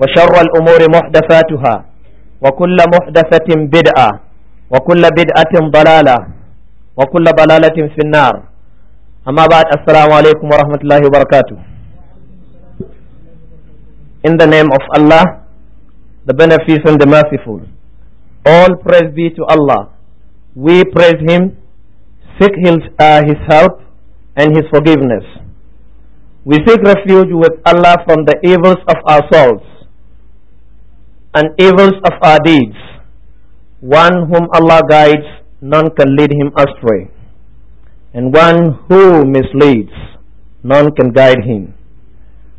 وشر الأمور محدثاتها وكل محدثة بدعة وكل بدعة ضلالة وكل ضلالة في النار أما بعد السلام عليكم ورحمة الله وبركاته In the name of Allah, the Beneficent, the Merciful, all praise be to Allah. We praise Him, seek His, uh, his help and His forgiveness. We seek refuge with Allah from the evils of our souls and evils of our deeds. One whom Allah guides, none can lead him astray. And one who misleads, none can guide him.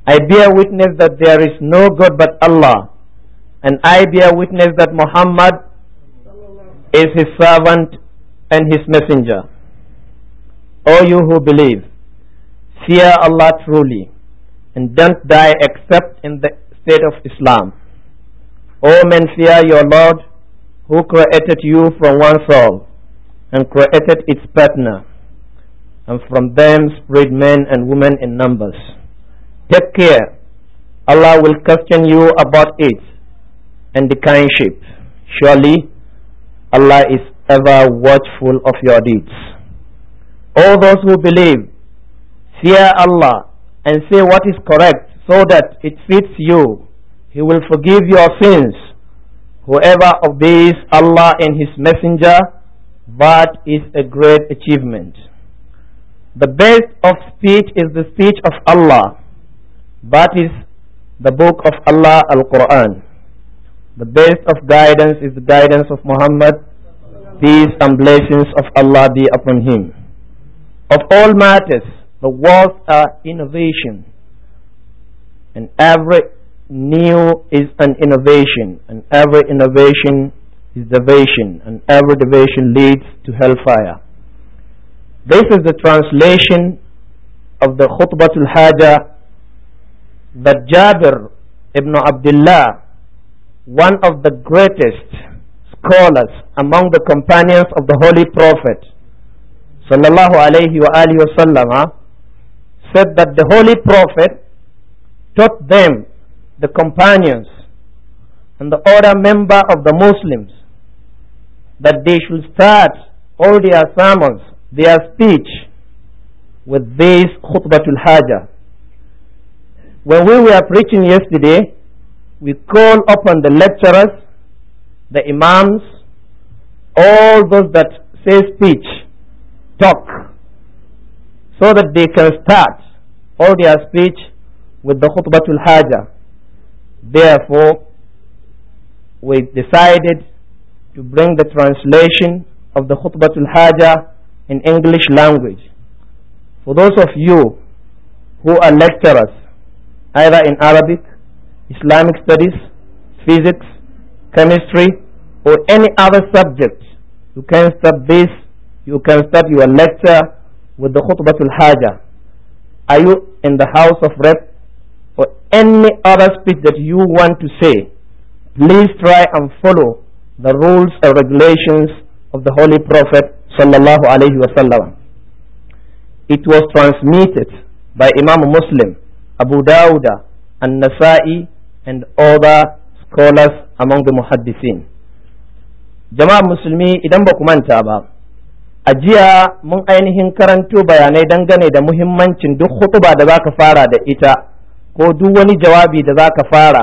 I bear witness that there is no God but Allah, and I bear witness that Muhammad is his servant and his messenger. O you who believe, fear Allah truly, and don't die except in the state of Islam. O men, fear your Lord, who created you from one soul, and created its partner, and from them spread men and women in numbers. Take care, Allah will question you about it and the kindship. Surely, Allah is ever watchful of your deeds. All those who believe, fear Allah and say what is correct so that it fits you he will forgive your sins. Whoever obeys Allah and His Messenger, that is a great achievement. The best of speech is the speech of Allah. That is the book of Allah, Al-Quran. The best of guidance is the guidance of Muhammad. Peace and blessings of Allah be upon him. Of all matters, the worst are innovation. And every new is an innovation, and every innovation is deviation, and every deviation leads to hellfire. This is the translation of the Khutbah al-Hajjah that Jabir ibn Abdullah, one of the greatest scholars among the companions of the Holy Prophet, sallallahu alayhi wa alihi wasallam, said that the Holy Prophet taught them the companions and the other member of the Muslims that they should start all their sermons, their speech with this khutbatul hajah. When we were preaching yesterday, we call upon the lecturers, the imams, all those that say speech, talk, so that they can start all their speech with the khutbatul hajah. Therefore, we decided to bring the translation of the Khutbatul Hajj in English language. For those of you who are lecturers, either in Arabic, Islamic studies, physics, chemistry, or any other subject, you can start this, you can start your lecture with the Khutbatul Hajj. Are you in the House of Rep or any other speech that you want to say, please try and follow the rules and regulations of the Holy Prophet sallallahu alaihi wasallam. It was transmitted by Imam Muslim, Abu Dawud, and Nasa'i, and other scholars among the muhaddisin. Jama'a Muslimi idan ba ku manta ba, a jiya mun ainihin karanto bayanai dangane da muhimmancin duk hutuba da za ka fara da ita ko duk wani jawabi da za ka fara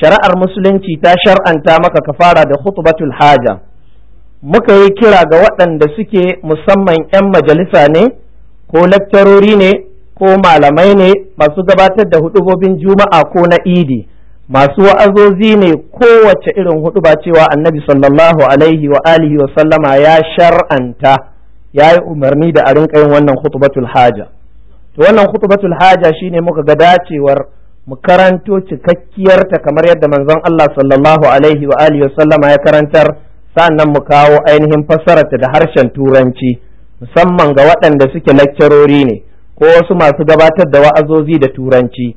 shari'ar musulunci ta shar'anta maka ka fara da khutbatul haja muka yi kira ga waɗanda suke musamman 'yan majalisa ne ko laktarori ne ko malamai ne masu gabatar da hudubobin juma'a ko na idi masu wa'azozi ne kowace irin huduba cewa annabi sallallahu alaihi wa alihi wa sallama ya shar'anta ya yi umarni da a rinka yin wannan khutbatul haja to wannan khutbatul haja shine muka ga dacewar mu karanto cikakkiyar ta kamar yadda manzon Allah sallallahu alaihi wa alihi sallama ya karantar sannan mu kawo ainihin ta da harshen turanci musamman ga waɗanda suke lakcarori ne ko wasu masu gabatar da wa'azozi da turanci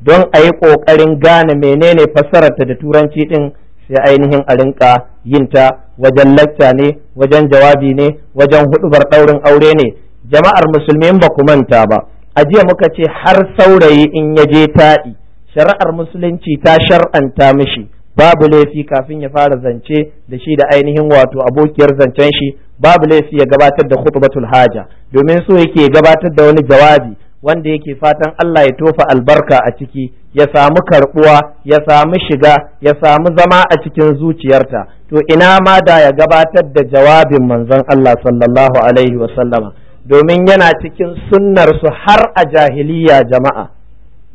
don a yi ƙoƙarin gane menene ta da turanci ɗin sai ainihin a rinka yin ta wajen lacca ne wajen jawabi ne wajen hudubar ɗaurin aure ne jama'ar musulmi ba ku manta ba a jiya muka ce har saurayi in ya je taɗi shari'ar musulunci ta shar'anta mishi babu laifi kafin ya fara zance da shi da ainihin wato abokiyar zancen shi babu laifi ya gabatar da khutbatul haja domin so yake gabatar da wani jawabi wanda yake fatan Allah ya tofa albarka a ciki ya samu karbuwa ya samu shiga ya samu zama a cikin zuciyarta to ina ma da ya gabatar da jawabin manzon Allah sallallahu alaihi wa domin yana cikin sunnarsu har a jahiliya jama'a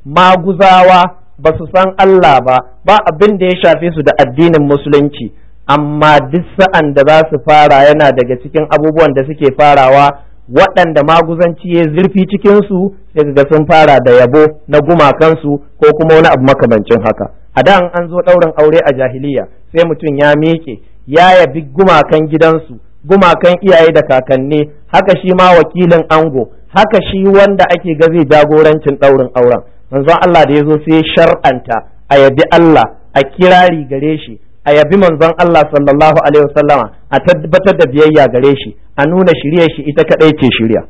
maguzawa ba su san Allah ba ba abin da ya shafe su da addinin musulunci amma duk sa'an da za su fara yana daga cikin abubuwan da suke farawa waɗanda maguzanci ya zurfi cikinsu daga ga sun fara da yabo na gumakansu ko kuma wani abu makamancin haka a da an zo ɗaurin aure a jahiliya sai mutum ya miƙe ya yabi gumakan gidansu gumakan iyaye da kakanni haka shi ma wakilin ango haka shi wanda ake ga zai jagorancin daurin auren manzon Allah da ya zo sai shar'anta a yabi Allah a kirari gare shi a yabi manzon Allah sallallahu alaihi wasallama a tabbatar da biyayya gare shi a nuna shirye shi ita kadai ce shirya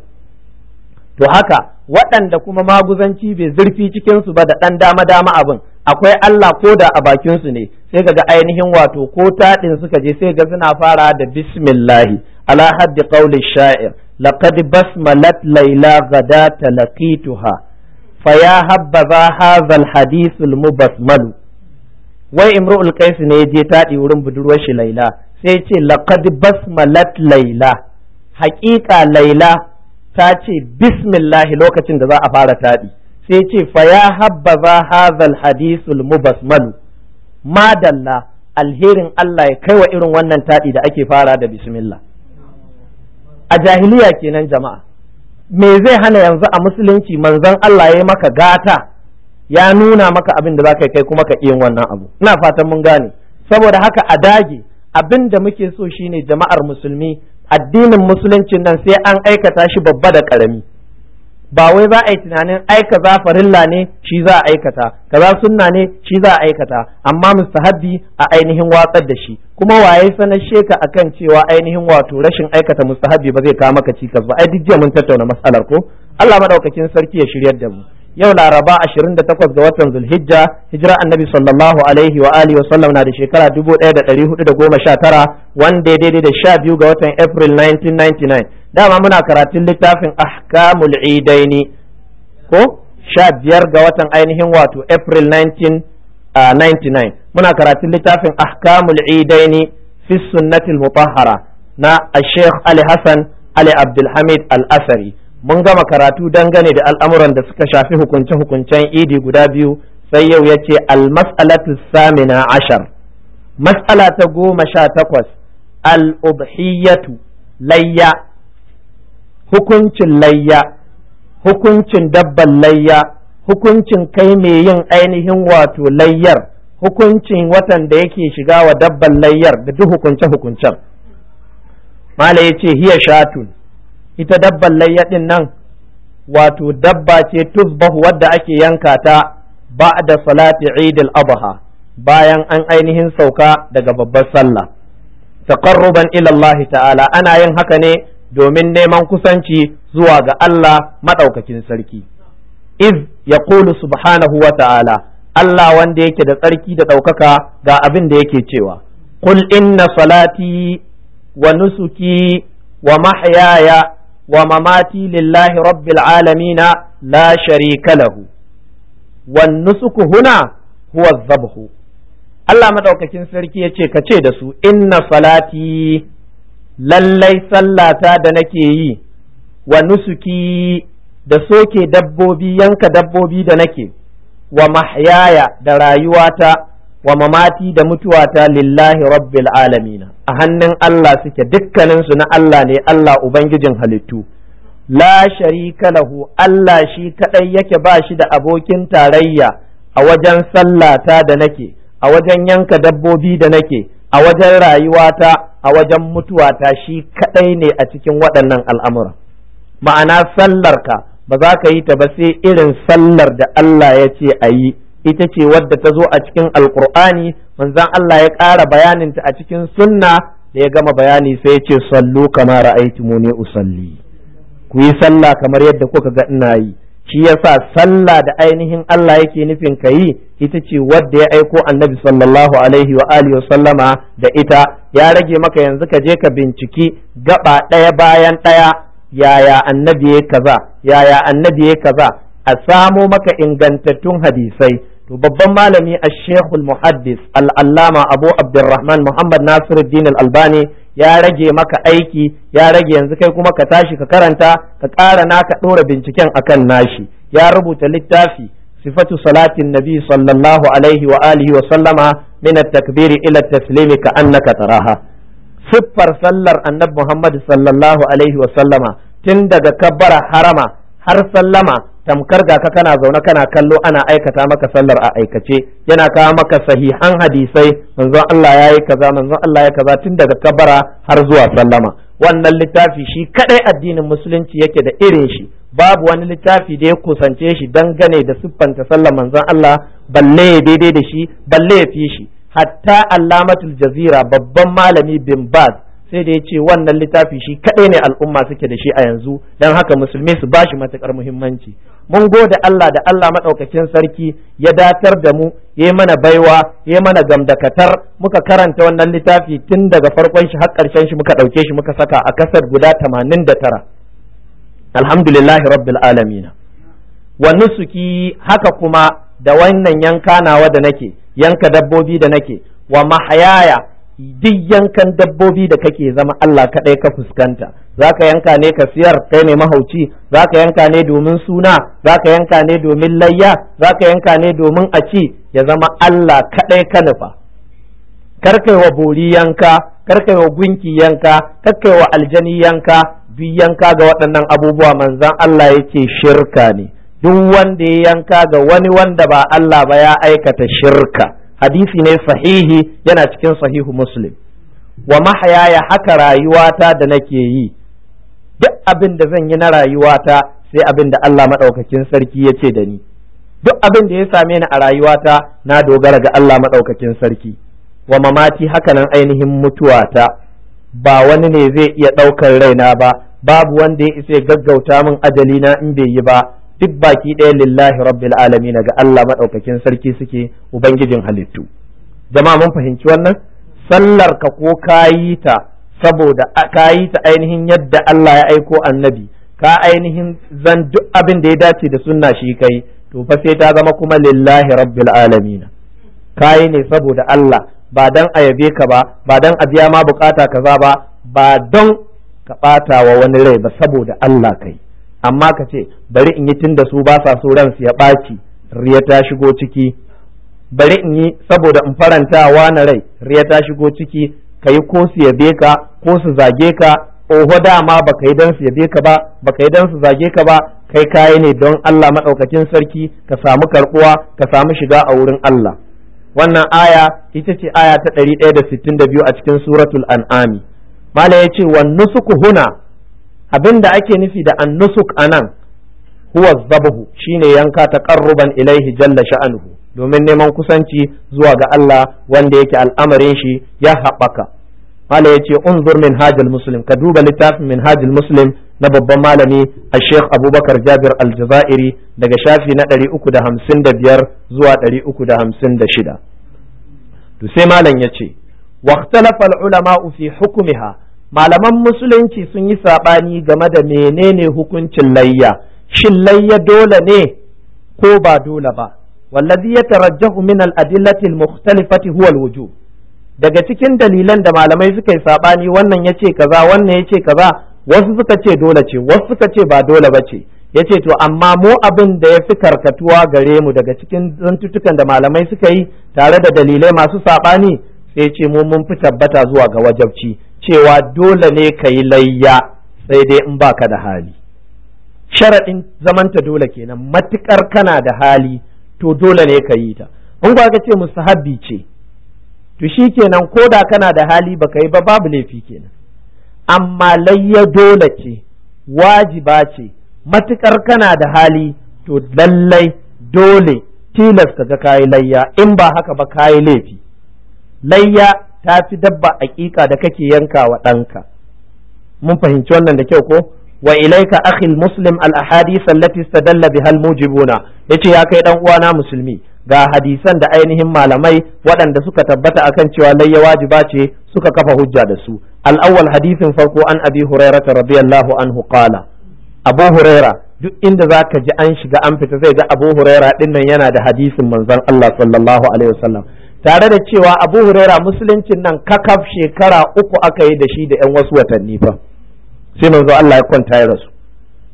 to haka waɗanda kuma maguzanci bai zurfi su ba da ɗan dama dama abin akwai Allah ko da a bakinsu ne sai kaga ainihin wato ko taɗin suka je sai ga suna fara da bismillahi ala haddi qawli sha'ir laqad basmalat layla ghadata laqituha faya habbaza hadha alhadith almubasmal wai Imru qais ne ya je taɗi wurin budurwar shi laila sai ce laqad basmalat laila haƙiƙa laila ta ce bismillahi lokacin da za a fara taɗi sai ce fa ya habbaza hadhal hadisul mubasmalu madalla alherin Allah ya kai wa irin wannan taɗi da ake fara da bismillah a jahiliya kenan jama'a me zai hana yanzu a musulunci manzon Allah ya maka gata ya nuna maka abin da zaka kai kuma ka yin wannan abu ina fatan mun gane saboda haka a dage abin da muke so shine jama'ar musulmi addinin musuluncin nan sai an aikata shi babba da karami ba wai za a yi tunanin aika za farilla ne shi za a aikata kaza sunna ne shi za a aikata amma mustahabbi a ainihin watsar da shi kuma waye sanar sheka akan cewa ainihin wato rashin aikata mustahabbi ba zai kawo maka cikas ba ai duk jiya mun tattauna matsalar ko Allah madaukakin sarki ya shiryar da mu yau laraba 28 ga watan zulhijja hijira annabi sallallahu alaihi wa alihi wasallam na da shekara 1419 wanda ya daidai da 12 ga watan april 1999 dama muna karatun littafin ahkamul idaini ko 15 ga watan ainihin wato april 1999 muna karatun littafin ahkamul idaini fi sunnatil mutahhara na al-sheikh ali hasan ali abdulhamid al-asari mun gama karatu dangane da al'amuran da suka shafi hukunce-hukuncen idi guda biyu sai yau ya ce al-mas'alatu samina ashar mas'ala ta goma sha takwas al-ubhiyatu layya hukuncin layya hukuncin dabban layya hukuncin kai mai yin ainihin wato layyar hukuncin watan da yake shiga wa dabban layyar da duk hukunce-hukuncen mala ya ce hiya shatun ita dabban layya nan wato dabba ce tuzbahu wadda ake yanka ta ba'da salati idil adha bayan an ainihin sauka daga babbar sallah taqarruban ila Allah ta'ala ana yin haka ne domin neman kusanci zuwa ga Allah madaukakin sarki iz yaqulu subhanahu wa ta'ala Allah wanda yake da tsarki da ɗaukaka ga abin da yake cewa qul inna salati wa nusuki wa mahyaya wa mamati lillahi rabbil alamina la sharika lahu wan nusuku huna huwa zabhu Allah madaukakin sarki yace ka ce da su inna salati lallai sallata da nake yi wa nusuki da soke dabbobi yanka dabbobi da nake wa mahyaya da rayuwata wa mamati da mutuwata lillahi rabbil alamina a hannun Allah suke dukkaninsu na Allah ne Allah ubangijin halittu la sharika lahu Allah shi kadai yake ba shi da abokin tarayya a wajen sallata da nake a wajen yanka dabbobi da nake a wajen rayuwata a wajen mutuwata shi kadai ne a cikin waɗannan al'amura ma'ana sallarka ba za ka yi ta ba sai irin sallar da Allah ya ce a yi ita ce wadda ta zo a cikin alkur'ani manzon Allah ya ƙara bayaninta a cikin sunna da ya gama bayani sai ya ce sallu kama ne usalli ku yi sallah kamar yadda kuka ga ina yi shi yasa sallah da ainihin Allah yake nufin ka yi ita ce wadda ya aiko annabi sallallahu alaihi wa alihi sallama da ita ya rage maka yanzu ka je ka binciki gaba ɗaya bayan ɗaya yaya annabi ya kaza yaya annabi ya kaza a samo maka ingantattun hadisai to babban malami a shekul muhaddis al'allama abu abdurrahman muhammad nasiruddin albani ya rage maka aiki ya rage yanzu kai kuma ka tashi ka karanta ka ƙara naka ɗora binciken akan nashi ya rubuta littafi sifatu salatin nabi sallallahu alaihi wa alihi wa sallama min at-takbiri ila at-taslimi ka annaka taraha siffar sallar annabi muhammad sallallahu alaihi wa sallama tun daga kabbara harama har sallama tamkar ga ka kana zaune kana kallo ana aikata maka sallar a aikace yana kawo maka sahihan hadisai manzon Allah ya yi kaza manzon Allah ya kaza tun daga kabara har zuwa sallama wannan littafi shi kadai addinin musulunci yake da irin shi babu wani littafi da ya kusance shi dangane da siffanta sallar manzon Allah balle ya daidai da shi balle ya fi shi hatta allamatul jazira babban malami bin baz sai da ya ce wannan littafi shi kaɗai ne al'umma suke da shi a yanzu don haka musulmi su ba shi matuƙar muhimmanci mun gode Allah da Allah maɗaukakin sarki ya datar da mu ya mana baiwa ya mana gamdakatar muka karanta wannan littafi tun daga farkon shi har ƙarshen shi muka ɗauke shi muka saka a kasar guda tamanin da tara alhamdulillahi rabbil alamina wa nusuki haka kuma da wannan yanka nawa da nake yanka dabbobi da nake wa mahayaya duk yankan dabbobi da kake zama Allah kaɗai ka fuskanta za ka yanka ne ka siyar kai ne mahauci za ka yanka ne domin suna za ka yanka ne domin layya za ka yanka ne domin a ci ya zama Allah kaɗai ka nufa karkai wa bori yanka karkai wa gunki yanka karkai wa aljani yanka duk yanka ga waɗannan abubuwa manzan Allah yake shirka ne duk wanda ya yanka ga wani wanda ba Allah ba ya aikata shirka hadisi ne sahihi yana cikin sahihu muslim wa mahayaya haka rayuwata da nake yi duk abin da zan yi na rayuwata sai abin da Allah maɗaukakin sarki ya ce da ni duk abin da ya same ni a rayuwata na dogara ga Allah maɗaukakin sarki wa mamati hakanan ainihin mutuwata ba wani ne zai iya ɗaukar raina ba babu wanda ya isa gaggauta min ajali na in bai yi ba duk baki ɗaya lillahi rabbil alamin ga Allah maɗaukakin sarki suke ubangijin halittu jama'a mun fahimci wannan sallar ka ko kayi ta saboda kayi ta ainihin yadda Allah ya aiko annabi ka ainihin zan duk abin da ya dace da sunna shi kai to fa sai ta zama kuma lillahi rabbil alamin kayi ne saboda Allah ba dan a yabe ka ba ba dan a biya ma bukata kaza ba ba don ka ɓata wa wani rai ba saboda Allah kai amma ka ce bari in yi tun da su ba sa so ransu ya ɓaci riya ta shigo ciki bari in yi saboda in faranta wa na rai riya ta shigo ciki ka yi ko su yabe ka ko su zage ka oho dama ba ka yi don su yabe ka ba ba ka yi don su zage ka ba kai kayi ne don Allah maɗaukakin sarki ka samu karɓuwa ka samu shiga a wurin Allah wannan aya ita ce aya ta ɗari ɗaya da da sittin biyu a cikin suratul an'ami mala ya ce wa nusuku huna abin da ake nufi da annusuk anan huwa zabahu shine yanka taqarruban ilaihi jalla sha'anuhu domin neman kusanci zuwa ga Allah wanda yake al'amarin shi ya haɓaka mala ya ce unzur min hajjal muslim ka duba littafin min hajjal muslim na babban malami a sheikh abubakar jabir aljazairi daga shafi na 355 zuwa 356 to sai malam ya ce واختلف العلماء في حكمها malaman musulunci sun yi saɓani game da menene hukuncin layya shin layya dole ne ko ba dole ba wallazi ya tarajjahu min al-adillati al-mukhtalifati huwa al-wujub daga cikin dalilan da malamai suka yi saɓani wannan yace kaza wannan yace kaza wasu suka ce dole ce wasu suka ce ba dole ba ce yace to amma mu abin da ya fi karkatuwa gare mu daga cikin zantutukan da malamai suka yi tare da dalilai masu saɓani sai ce mu mun fi tabbata zuwa ga wajabci cewa dole ne ka yi layya sai dai in ba ka da hali sharaɗin zamanta dole kenan matuƙar kana da hali to dole ne ka yi ta in ba ka ce musahabbi ce to shi kenan ko da kana da hali baka yi ba babu laifi kenan amma layya dole ce wajiba ce matuƙar kana da hali to lallai dole tilasta ga kayi layya in ba haka ba kayi laifi layya ta fi dabba aƙiƙa da kake yanka wa ɗanka mun fahimci wannan da kyau ko wa ilaika akhi muslim al ahadith allati istadalla biha al mujibuna yace ya kai dan uwana musulmi ga hadisan da ainihin malamai waɗanda suka tabbata akan cewa layya wajiba ce suka kafa hujja da su al awwal hadithin farko an abi huraira radiyallahu anhu qala abu huraira duk inda za ka ji an shiga an fita zai ga abu huraira dinnan yana da hadisin manzon Allah sallallahu alaihi wasallam tare da cewa abu huraira musuluncin nan kakaf shekara uku aka yi da shi da yan wasu watanni fa sai manzo Allah ya kwanta ya rasu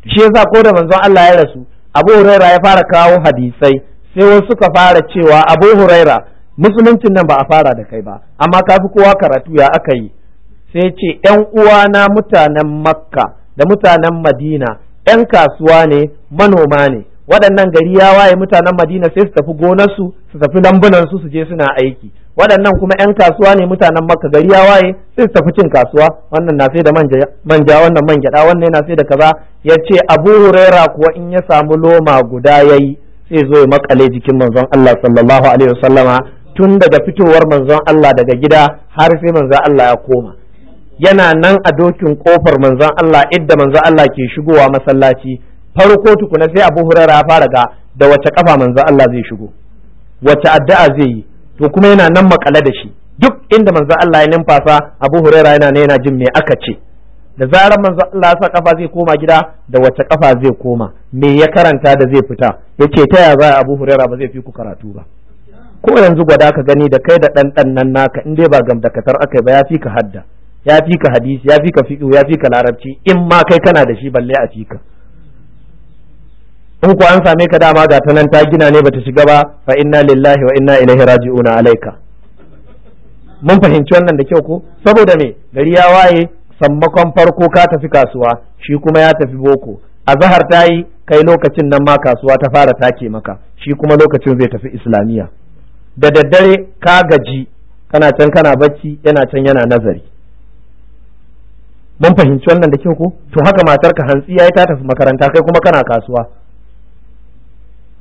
shi yasa ko da manzo Allah ya rasu abu huraira ya fara kawo hadisai sai wasu suka fara cewa abu huraira musuluncin nan ba a fara da kai ba amma kafi kowa karatu ya aka yi sai ce yan uwa na mutanen makka da mutanen madina yan kasuwa ne manoma ne waɗannan gari ya waye mutanen Madina sai su tafi gonarsu su tafi lambunansu su je suna aiki waɗannan kuma 'yan kasuwa ne mutanen Makka gari ya waye sai su tafi cin kasuwa wannan na sai da manja wannan man gyaɗa wannan yana sai da kaza ya ce Abu Huraira kuwa in ya samu loma guda yayi sai zo ya makale jikin manzon Allah sallallahu alaihi wasallama tun daga fitowar manzon Allah daga gida har sai manzon Allah ya koma yana nan a dokin kofar manzon Allah idda manzon Allah ke shigowa masallaci farko tukuna sai abu hurara ya fara ga da wace kafa manzo Allah zai shigo wace addu'a zai yi to kuma yana nan makale da shi duk inda manzo Allah ya numfasa abu hurara yana yana jin me aka ce da zarar manzo Allah ya sa kafa zai koma gida da wace kafa zai koma me ya karanta da zai fita yace ta ya za abu hurara ba zai fi ku karatu ba ko yanzu gwada ka gani da kai da dan nan naka in dai ba gam da aka yi ba ya fi ka hadda ya fi ka hadisi ya fi ka fiqh ya fi ka larabci in ma kai kana da shi balle a ka in ku an same ka dama ga ta nan ta gina ne bata shiga ba fa inna lillahi wa inna ilaihi raji'una alaika mun fahimci wannan da kyau ko saboda me gari ya waye sammakon farko ka tafi kasuwa shi kuma ya tafi boko zahar ta yi kai lokacin nan ma kasuwa ta fara take maka shi kuma lokacin zai tafi islamiya da daddare ka gaji kana can kana bacci yana can yana nazari mun fahimci wannan da kyau ko to haka matarka hantsi yayi ta tafi makaranta kai kuma kana kasuwa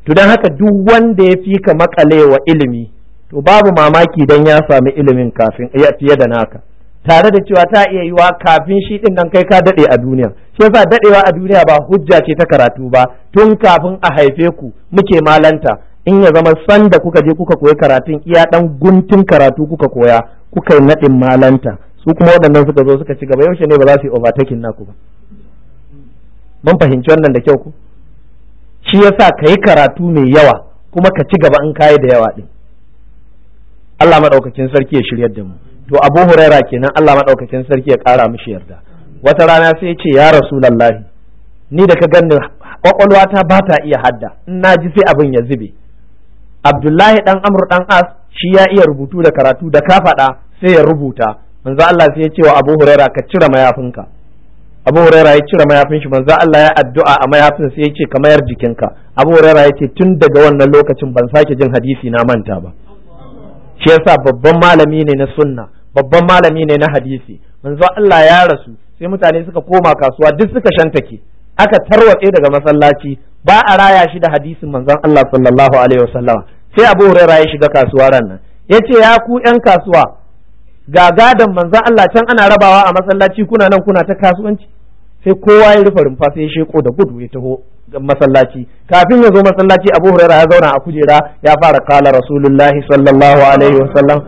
to don haka duk wanda ya fi ka makalewa ilimi to babu mamaki don ya sami ilimin kafin ya fiye da naka tare da cewa ta iya yiwa kafin shi din nan kai ka daɗe a duniya shi yasa dadewa a duniya ba hujja ce ta karatu ba tun kafin a haife ku muke malanta in ya zama sanda kuka je kuka koyi karatun iya dan guntun karatu kuka koya kuka yi nadin malanta su kuma waɗannan suka zo suka ci gaba yaushe ne ba za su yi overtaking naku ba mun fahimci wannan da kyau ku shi yasa ka yi karatu mai yawa kuma ka ci gaba in kayi da yawa din Allah maɗaukakin sarki ya shiryar da mu to Abu Huraira kenan Allah maɗaukakin sarki ya ƙara mishi yarda wata rana sai ya ce ya lallahi. ni da ka gani kwakwalwata ba ta iya hadda in na ji sai abin ya zube Abdullahi ɗan Amr ɗan As shi ya iya rubutu da karatu da ka faɗa sai ya rubuta manzo Allah sai ya ce wa Abu Huraira ka cire mayafinka abu huraira ya cire mayafin shi manzo Allah ya addu'a a mayafin su yace ka mayar jikinka abu huraira yace tun daga wannan lokacin ban sake jin hadisi na manta ba shi yasa babban malami ne na sunna babban malami ne na hadisi manzo Allah ya rasu sai mutane suka koma kasuwa duk suka shantake aka tarwatse daga masallaci ba a raya shi da hadisin manzon Allah sallallahu alaihi wasallam sai abu huraira ya shiga kasuwa ran nan yace ya ku yan kasuwa ga gadon manzan Allah can ana rabawa a masallaci kuna nan kuna ta kasuwanci sai kowa ya rufe rumfa sai ya sheko da gudu ya taho masallaci kafin ya zo masallaci Abu Hurairah ya zauna a kujera ya fara kala Rasulullahi sallallahu alaihi wasallam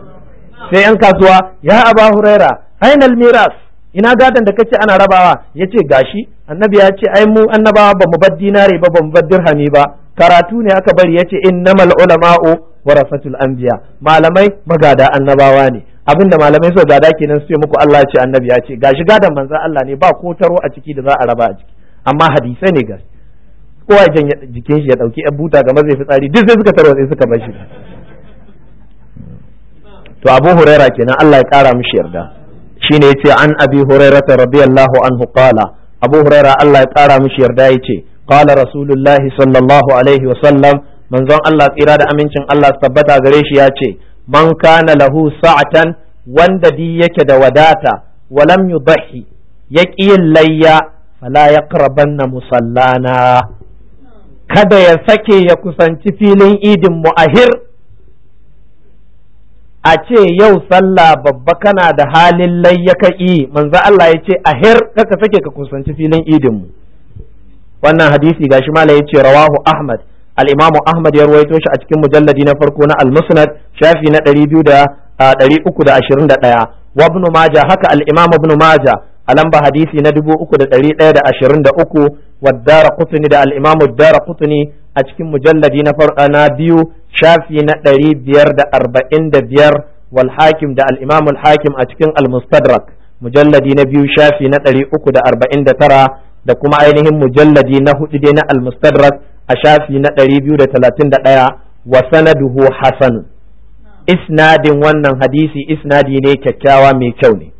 sai yan kasuwa ya Abu Hurairah ainal miras ina gadon da kace ana rabawa yace gashi annabi ya ce ai mu annabawa ba mu bar dinare ba ba mu bar dirhami ba karatu ne aka bari yace innamal ulama'u warasatul anbiya malamai magada annabawa ne abin da malamai suka gada kenan su ce muku Allah ce annabi ya ce gashi gadan manzon Allah ne ba ko taro a ciki da za a raba a ciki amma hadisai ne gashi kowa ya jikin shi ya dauki yan buta ga mazai fitsari duk sai suka taro sai suka bar shi to Abu Huraira kenan Allah ya kara mishi yarda shine yace an Abi Hurairata radiyallahu anhu qala Abu Huraira Allah ya kara mishi yarda yace qala Rasulullahi sallallahu alaihi wa manzon Allah tsira da amincin Allah tabbata gare shi ya ce man kana lahu sa'atan wanda di yake da wadata walam yudhi yaqi layya fala yaqrabanna musallana kada ya sake ya kusanci filin idin mu'ahir a ce yau sallah babba kana da halin layya ka yi manzo Allah ya ce ahir kaka sake ka kusanci filin idin mu wannan hadisi gashi mala yace rawahu ahmad al-imamu ahmad ya ruwaito shi a cikin mujalladi na farko na al-musnad shafi na 321 wa ibn maja haka al'imamu imam ibn majah a lamba hadisi na 3123 wa ad-darqutni da al-imam ad-darqutni a cikin mujalladi na farko na biyu shafi na 545 wal hakim da al-imam al-hakim a cikin al-mustadrak mujalladi na biyu shafi na 349 da kuma ainihin mujalladi na hudu dai na al a shafi na 231 wa sanaduhu hasan isnadin wannan hadisi isnadi ne kyakkyawa mai kyau ne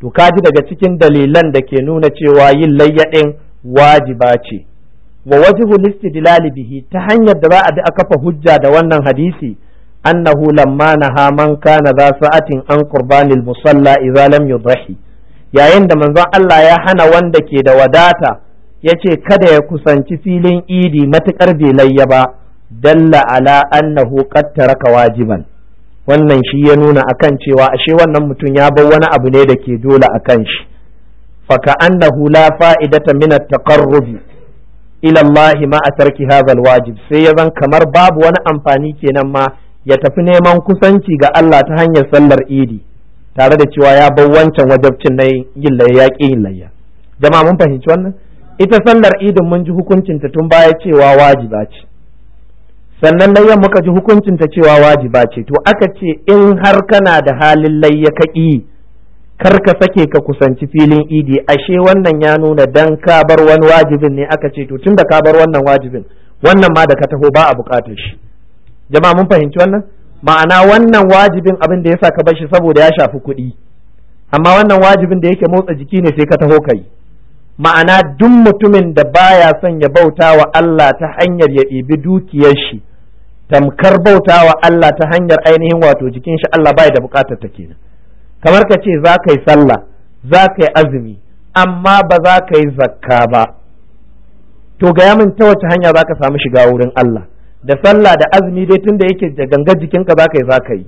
to kaji daga cikin dalilan da ke nuna cewa yin layyadin wajiba ce wa wajhu listidilali bihi ta hanyar da za a bi a kafa hujja da wannan hadisi annahu lamma naha man kana za sa'atin an qurbanil musalla idza lam yudhi yayin da manzon Allah ya hana wanda ke da wadata ya ce kada ya kusanci filin idi matuƙar bai layya ba dalla ala annahu qad taraka wajiban wannan shi ya nuna akan cewa ashe wannan mutum ya bar wani abu ne da ke dole akan shi faka annahu la fa'idata min at-taqarrub ila Allah ma atarki hadha al-wajib sai ya zan kamar babu wani amfani kenan ma ya tafi neman kusanci ga Allah ta hanyar sallar idi tare da cewa ya bar wancan wajabcin na yin layya ƙi yin layya jama'a mun fahimci wannan ita sallar idin mun ji hukuncinta tun baya cewa wajiba ce sannan layyan muka ji hukuncinta cewa wajiba ce to aka ce in har kana da halin layya ka ƙi kar ka sake ka kusanci filin idi ashe wannan ya nuna dan ka bar wani wajibin ne aka ce to tunda ka bar wannan wajibin wannan ma da ka taho ba a buƙatar shi jama'a mun fahimci wannan ma'ana wannan wajibin abin da yasa ka bar shi saboda ya shafi kuɗi amma wannan wajibin da yake motsa jiki ne sai ka taho kai ma'ana duk mutumin da baya son ya bauta wa Allah ta hanyar ya ɗibi dukiyar shi tamkar bauta wa Allah ta hanyar ainihin wato jikin shi Allah baya da bukatar ta kenan kamar ka ce za ka yi sallah za ka yi azumi amma ba za ka yi zakka ba to gaya min ta wace hanya za ka samu shiga wurin Allah da sallah da azumi dai tunda yake da ganga jikinka ka yi ka yi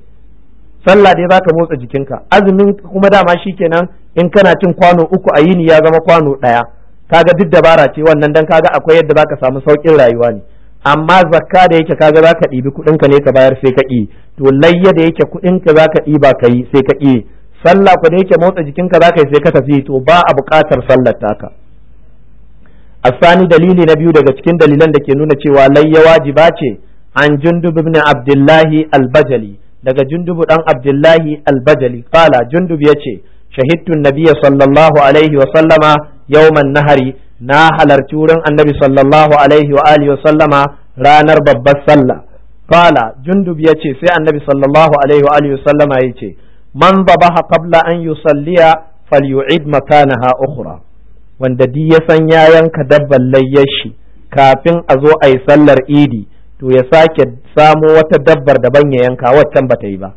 sallah dai ka motsa jikinka azumin kuma dama shi shikenan in kana cin kwano uku a yini ya zama kwano ɗaya kaga duk dabara ce wannan dan kaga akwai yadda ka samu saukin rayuwa ne amma zakka da yake kaga ka ɗibi kuɗinka ne ka bayar sai ka ɗi to layya da yake kuɗinka ɗi ɗiba ka yi sai ka ɗi sallah ku da yake motsa jikinka ka yi sai ka tafi to ba a buƙatar sallar taka asani dalili na biyu daga cikin dalilan da ke nuna cewa layya wajiba ce an jundub ibn abdullahi albajali daga jundubu dan abdullahi albajali kala jundub ya ce shahidtun nabiya sallallahu alaihi wa sallama yawman nahari na halarci wurin annabi sallallahu alaihi wa alihi wa sallama ranar babbar sallah kala jundub ya ce sai annabi sallallahu alaihi wa alihi wa sallama ya ce man babaha qabla an yusalliya falyu'id makanaha ukhra wanda di ya san ya yanka dabbar layyar shi kafin a zo a yi sallar idi to ya sake samo wata dabbar da ban ya yanka waccan ba ta yi ba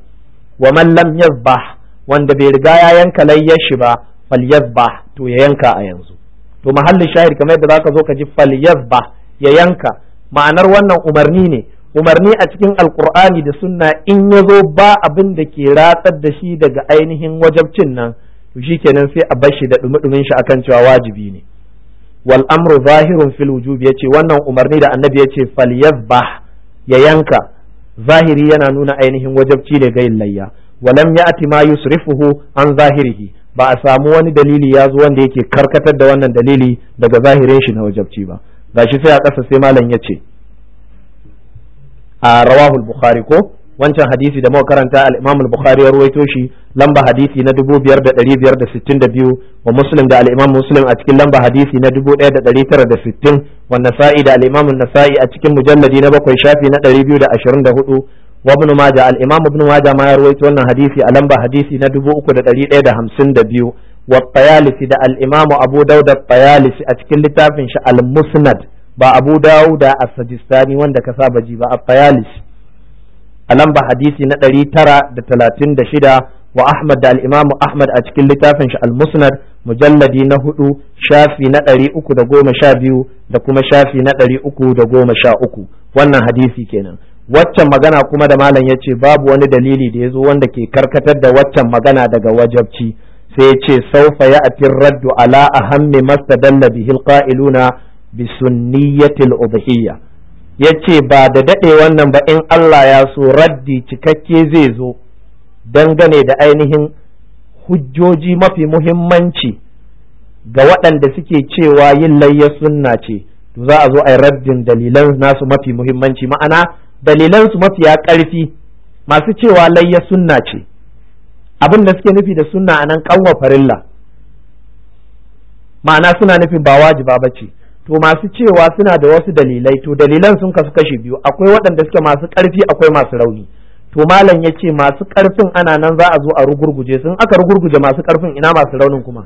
wa man lam yazbah wanda bai riga ya yanka layyar shi ba fal yazbah to ya yanka a yanzu to mahallin shahid kamar yadda zaka zo ka ji fal yazbah ya yanka ma'anar wannan umarni ne umarni a cikin alkur'ani da sunna in ya zo ba abin da ke ratsar da shi daga ainihin wajabcin nan to kenan sai a bashi da dumudumin shi akan cewa wajibi ne wal amru zahirun fil wujub yace wannan umarni da annabi yace bah. ya yanka zahiri yana nuna ainihin wajabci da gayin layya walam ya'ti ma yusrifuhu an zahirihi ba a samu wani dalili ya zo wanda yake karkatar da wannan dalili daga zahirin shi na wajabci ba gashi sai a kasa sai malam yace a rawahul bukhari ko wancan hadisi da muka karanta al-Imam al-Bukhari ya ruwaito shi lamba hadisi na 5562 wa Muslim da al-Imam Muslim a cikin lamba hadisi na 1960 wa Nasa'i da al-Imam an-Nasa'i a cikin mujalladi na bakwai shafi na 224 wa Ibn Majah al-Imam Ibn Majah ma ya ruwaito wannan hadisi a lamba hadisi na 3152 wa Tayalisi da al-Imam Abu Dawud at-Tayalisi a cikin littafin shi al-Musnad ba Abu Dawud da as-Sajistani wanda ka saba ji ba at-Tayalisi a lamba hadisi na ɗari tara da talatin da shida wa Ahmad da al'imamu Ahmad a cikin littafin shi al-Musnad mujalladi na hudu shafi na ɗari uku da goma sha biyu da kuma shafi na ɗari uku da goma sha uku wannan hadisi kenan waccan magana kuma da malam ya ce babu wani dalili da ya zo wanda ke karkatar da waccan magana daga wajabci sai yace saufa ya atir raddu ala ahammi mastadalla bihil qa'iluna bi sunniyatil udhiyya ya ce ba da daɗe wannan ba in Allah ya so raddi cikakke zai zo dangane da ainihin hujjoji mafi muhimmanci ga waɗanda suke cewa yin layya sunna ce to za a zo a yi raddin dalilan nasu mafi muhimmanci ma'ana dalilan su mafiya ƙarfi masu cewa layya sunna ce abin da suke nufi da sunna a nan farilla ma'ana suna nufin ba wajiba ba ce to masu cewa suna da wasu dalilai to dalilan sun kasu kashi biyu akwai waɗanda suke masu ƙarfi akwai masu rauni to malam ya ce masu ƙarfin ana nan za a zo a rugurguje sun aka rugurguje masu ƙarfin ina masu raunin kuma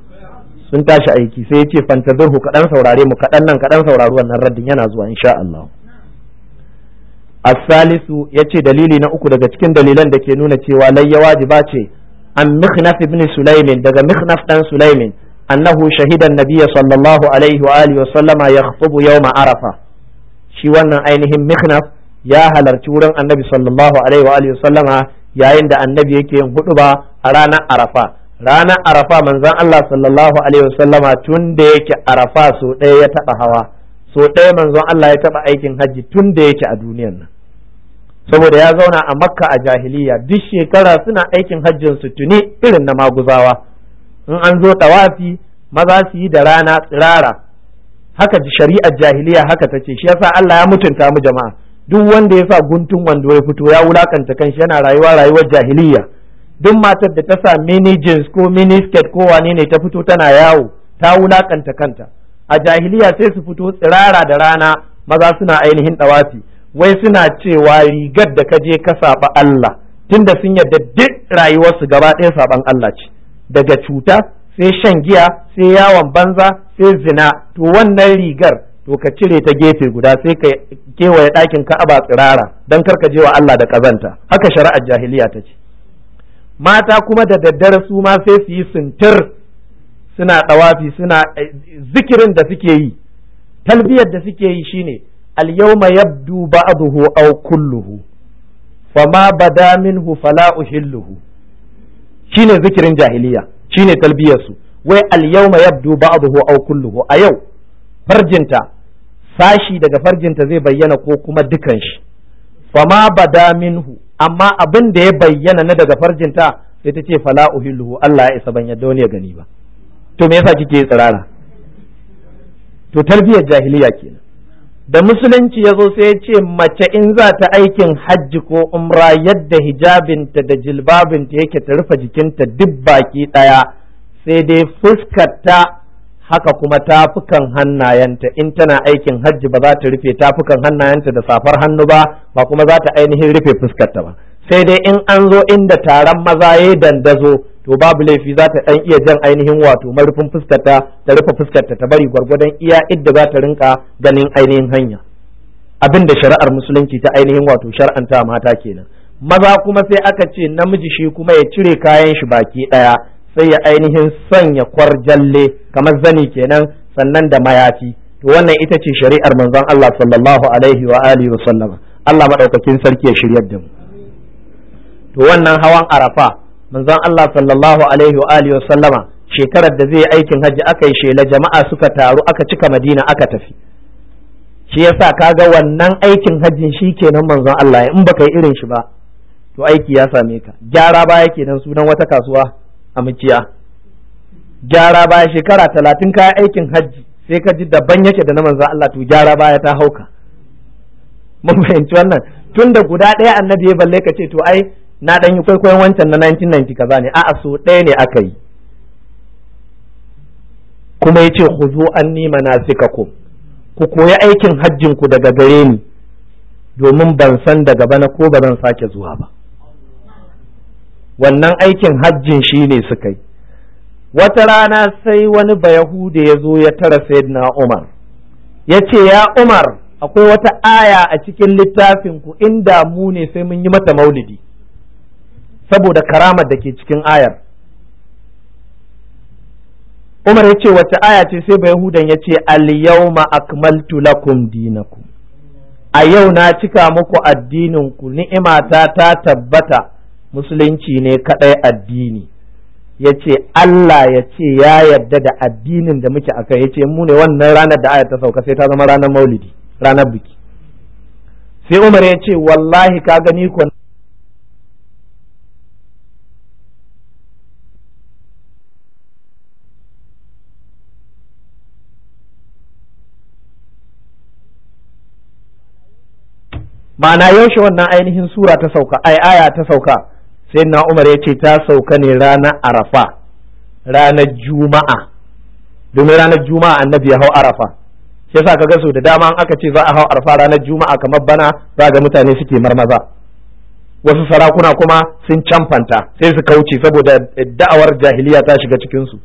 sun tashi aiki sai ya ce fantazirhu kaɗan saurare mu kaɗan nan kaɗan saurari wannan raddin yana zuwa insha Allah as-salisu yace dalili na uku daga cikin dalilan da ke nuna cewa layya wajiba ce an mikhnaf ibn sulaimin daga mikhnaf dan sulaimin annahu shahidan Nabiya sallallahu alaihi wa alihi wa sallama yakhtubu yawma arafa shi wannan ainihin mikhnaf ya halarci wurin annabi sallallahu alaihi wa alihi wa sallama yayin da annabi yake yin huduba a ranar arafa ranar arafa manzon Allah sallallahu alaihi wa sallama tun da yake arafa so ɗaya ya taba hawa so ɗaya manzon Allah ya taɓa aikin hajji tun da yake a duniyar nan saboda ya zauna a makka a jahiliya duk shekara suna aikin hajjinsu tuni irin na maguzawa in an zo tawafi maza su yi da rana tsirara haka shari'ar jahiliya haka ta ce shi yasa Allah ya mutunta mu jama'a duk wanda ya sa guntun wando ya fito ya wulakanta kanshi yana rayuwa rayuwar jahiliya duk matar da ta sa mini jeans ko mini skirt ko wane ne ta fito tana yawo ta wulakanta kanta a jahiliya sai su fito tsirara da rana maza suna ainihin dawafi wai suna cewa rigar da ka je ka saba Allah tunda sun yarda duk rayuwarsu gaba ɗaya saban Allah ce daga cuta sai shan giya sai yawon banza sai zina to wannan rigar to ka cire ta gefe guda sai ka kewaye ɗakin ka'aba tsirara don karka je wa Allah da ƙazanta haka shari'ar jahiliya ta ce mata kuma da daddare su ma sai su yi sintir suna ɗawafi suna eh, zikirin da suke yi talbiyar da suke yi shine al-yawma yabdu ba'duhu aw kulluhu fama bada minhu fala uhilluhu shine zikirin jahiliya shine talbiyar su wai al yawma yabdu ba'dahu aw kulluhu a yau farjinta sashi daga farjinta zai bayyana ko kuma dukan shi fama bada minhu amma abin da ya bayyana na daga farjinta sai ta ce fala uhilluhu Allah ya isa ban yadda wani ya gani ba to me yasa kike tsirara to talbiyar jahiliya kenan da musulunci ya zo sai ya ce mace in za ta aikin hajji ko umra yadda hijabinta da jilbabinta yake ta rufe jikinta duk baki ɗaya sai dai fuskarta haka kuma tafukan hannayenta in tana aikin hajji ba za ta rufe tafukan hannayenta da safar hannu ba ba kuma za ta ainihin rufe fuskarta ba sai dai in an zo inda taron maza ya dandazo to babu laifi za ta dan iya jan ainihin wato marufin fuskarta ta rufe fuskarta ta bari gwargwadon iya idda za ta rinka ganin ainihin hanya abin da shari'ar musulunci ta ainihin wato shar'anta mata kenan maza kuma sai aka ce namiji shi kuma ya cire kayan shi baki daya sai ya ainihin sanya kwarjalle kamar zani kenan sannan da mayafi to wannan ita ce shari'ar manzon Allah sallallahu alaihi wa alihi wa sallama Allah madaukakin sarki ya shiryar da mu to wannan hawan arafa manzon Allah sallallahu alaihi wa alihi sallama shekarar da zai aikin hajji aka yi shela jama'a suka taru aka cika madina aka tafi shi yasa kaga wannan aikin hajjin shi kenan manzon Allah in baka yi irin shi ba to aiki ya same ka gyara baya kenan sunan wata kasuwa a mukiya gyara baya shekara talatin kaya aikin hajji sai ka ji daban yake da na manzon Allah to gyara baya ta hauka mun fahimci wannan tunda guda ɗaya annabi ya balle ka ce to ai na ɗan yi kwaikwayon wancan na 1990 kaza ne a'a so ɗaya ne aka yi kuma ya ce ku zo an nima na ku ku koyi aikin hajjinku daga gare ni domin ban san daga bana ko ba zan sake zuwa ba wannan aikin hajjin shi ne suka yi wata rana sai wani bayahude ya zo ya tara sayyidina umar ya ce ya umar akwai wata aya a cikin littafinku inda mu ne sai mun yi mata maulidi saboda karamar da ke cikin ayar Umar ya ce wace aya ce sai bai hudan ya ce al-yawma akmaltu lakum dinakum a yau na cika muku addininku ni'imata ta tabbata musulunci ne kadai addini ya ce Allah ya ce ya yarda da addinin da muke akai ya ce mu ne wannan ranar da aya ta sauka sai ta zama ranar maulidi ranar biki sai Umar ya ce wallahi ka gani ku. ma'ana yaushe wannan ainihin sura ta sauka ai aya ta sauka sai na umar ya ce ta sauka ne ranar arafa ranar juma'a domin ranar juma'a annabi ya hau arafa shi yasa ga su da dama an aka ce za a hau arafa ranar juma'a kamar bana za ga mutane suke marmaza wasu sarakuna kuma sun camfanta sai su kauce saboda da'awar jahiliya ta shiga cikin su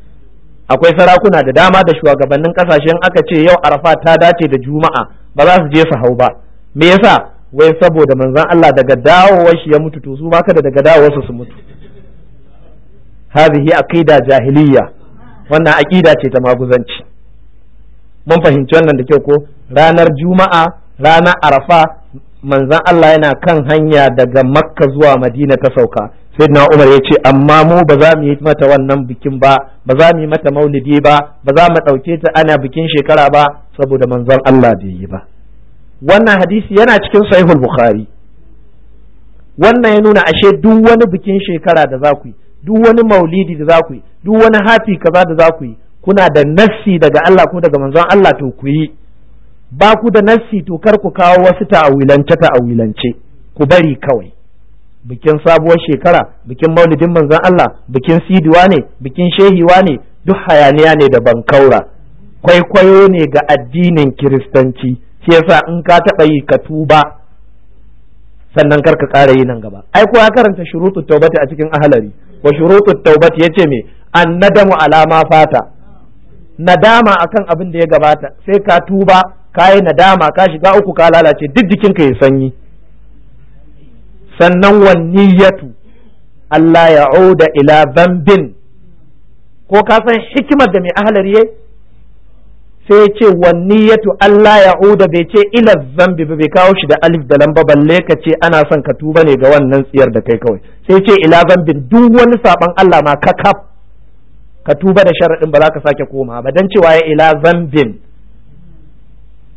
akwai sarakuna da dama da shugabannin kasashen aka ce yau arafa ta dace da juma'a ba za su je su hau ba me yasa wai saboda manzan Allah daga dawowar shi ya mutu to su ma kada daga dawowar su mutu hadhihi aqida jahiliya wannan aqida ce ta maguzanci mun fahimci wannan da kyau ko ranar juma'a ranar arafa manzan Allah yana kan hanya daga makka zuwa madina ta sauka sayyidina umar ya ce amma mu ba za mu yi mata wannan bikin ba ba za mu yi mata maulidi ba ba za mu ɗauke ta ana bikin shekara ba saboda manzan Allah bai yi ba wannan hadisi yana cikin sahihul bukhari wannan ya nuna ashe duk wani bikin shekara da za ku yi duk wani maulidi da za ku yi duk wani hafi kaza da za ku yi kuna da nassi daga Allah ko daga manzon Allah to ku yi ba ku da nassi to kar ku kawo wasu ta'awilance ta'awilance ku bari kawai bikin sabuwar shekara bikin maulidin manzon Allah bikin sidiwa ne bikin shehiwa ne duk hayaniya ne da bankaura kwaikwayo ne ga addinin kiristanci shi yasa in ka taɓa yi ka tuba sannan kar ka ƙara yi nan gaba ai kuwa karanta shurutu taubati a cikin ahalari wa shurutu taubati yace me an nadamu alama fata nadama akan abin da ya gabata sai ka tuba ka yi nadama ka shiga uku ka lalace duk jikinka ya sanyi sannan wani niyyatu Allah ya auda ila zambin ko ka san hikimar da mai ahalari yayi sai ya ce wanniyatu Allah ya'uda bai ce ila zambi ba bai kawo shi da alif da lamba balle ka ce ana son ka tuba ne ga wannan tsiyar da kai kawai sai ce ila zambin duk wani saban Allah ma ka kaf ka tuba da sharaɗin ba za ka sake koma ba dan cewa ya ila zambin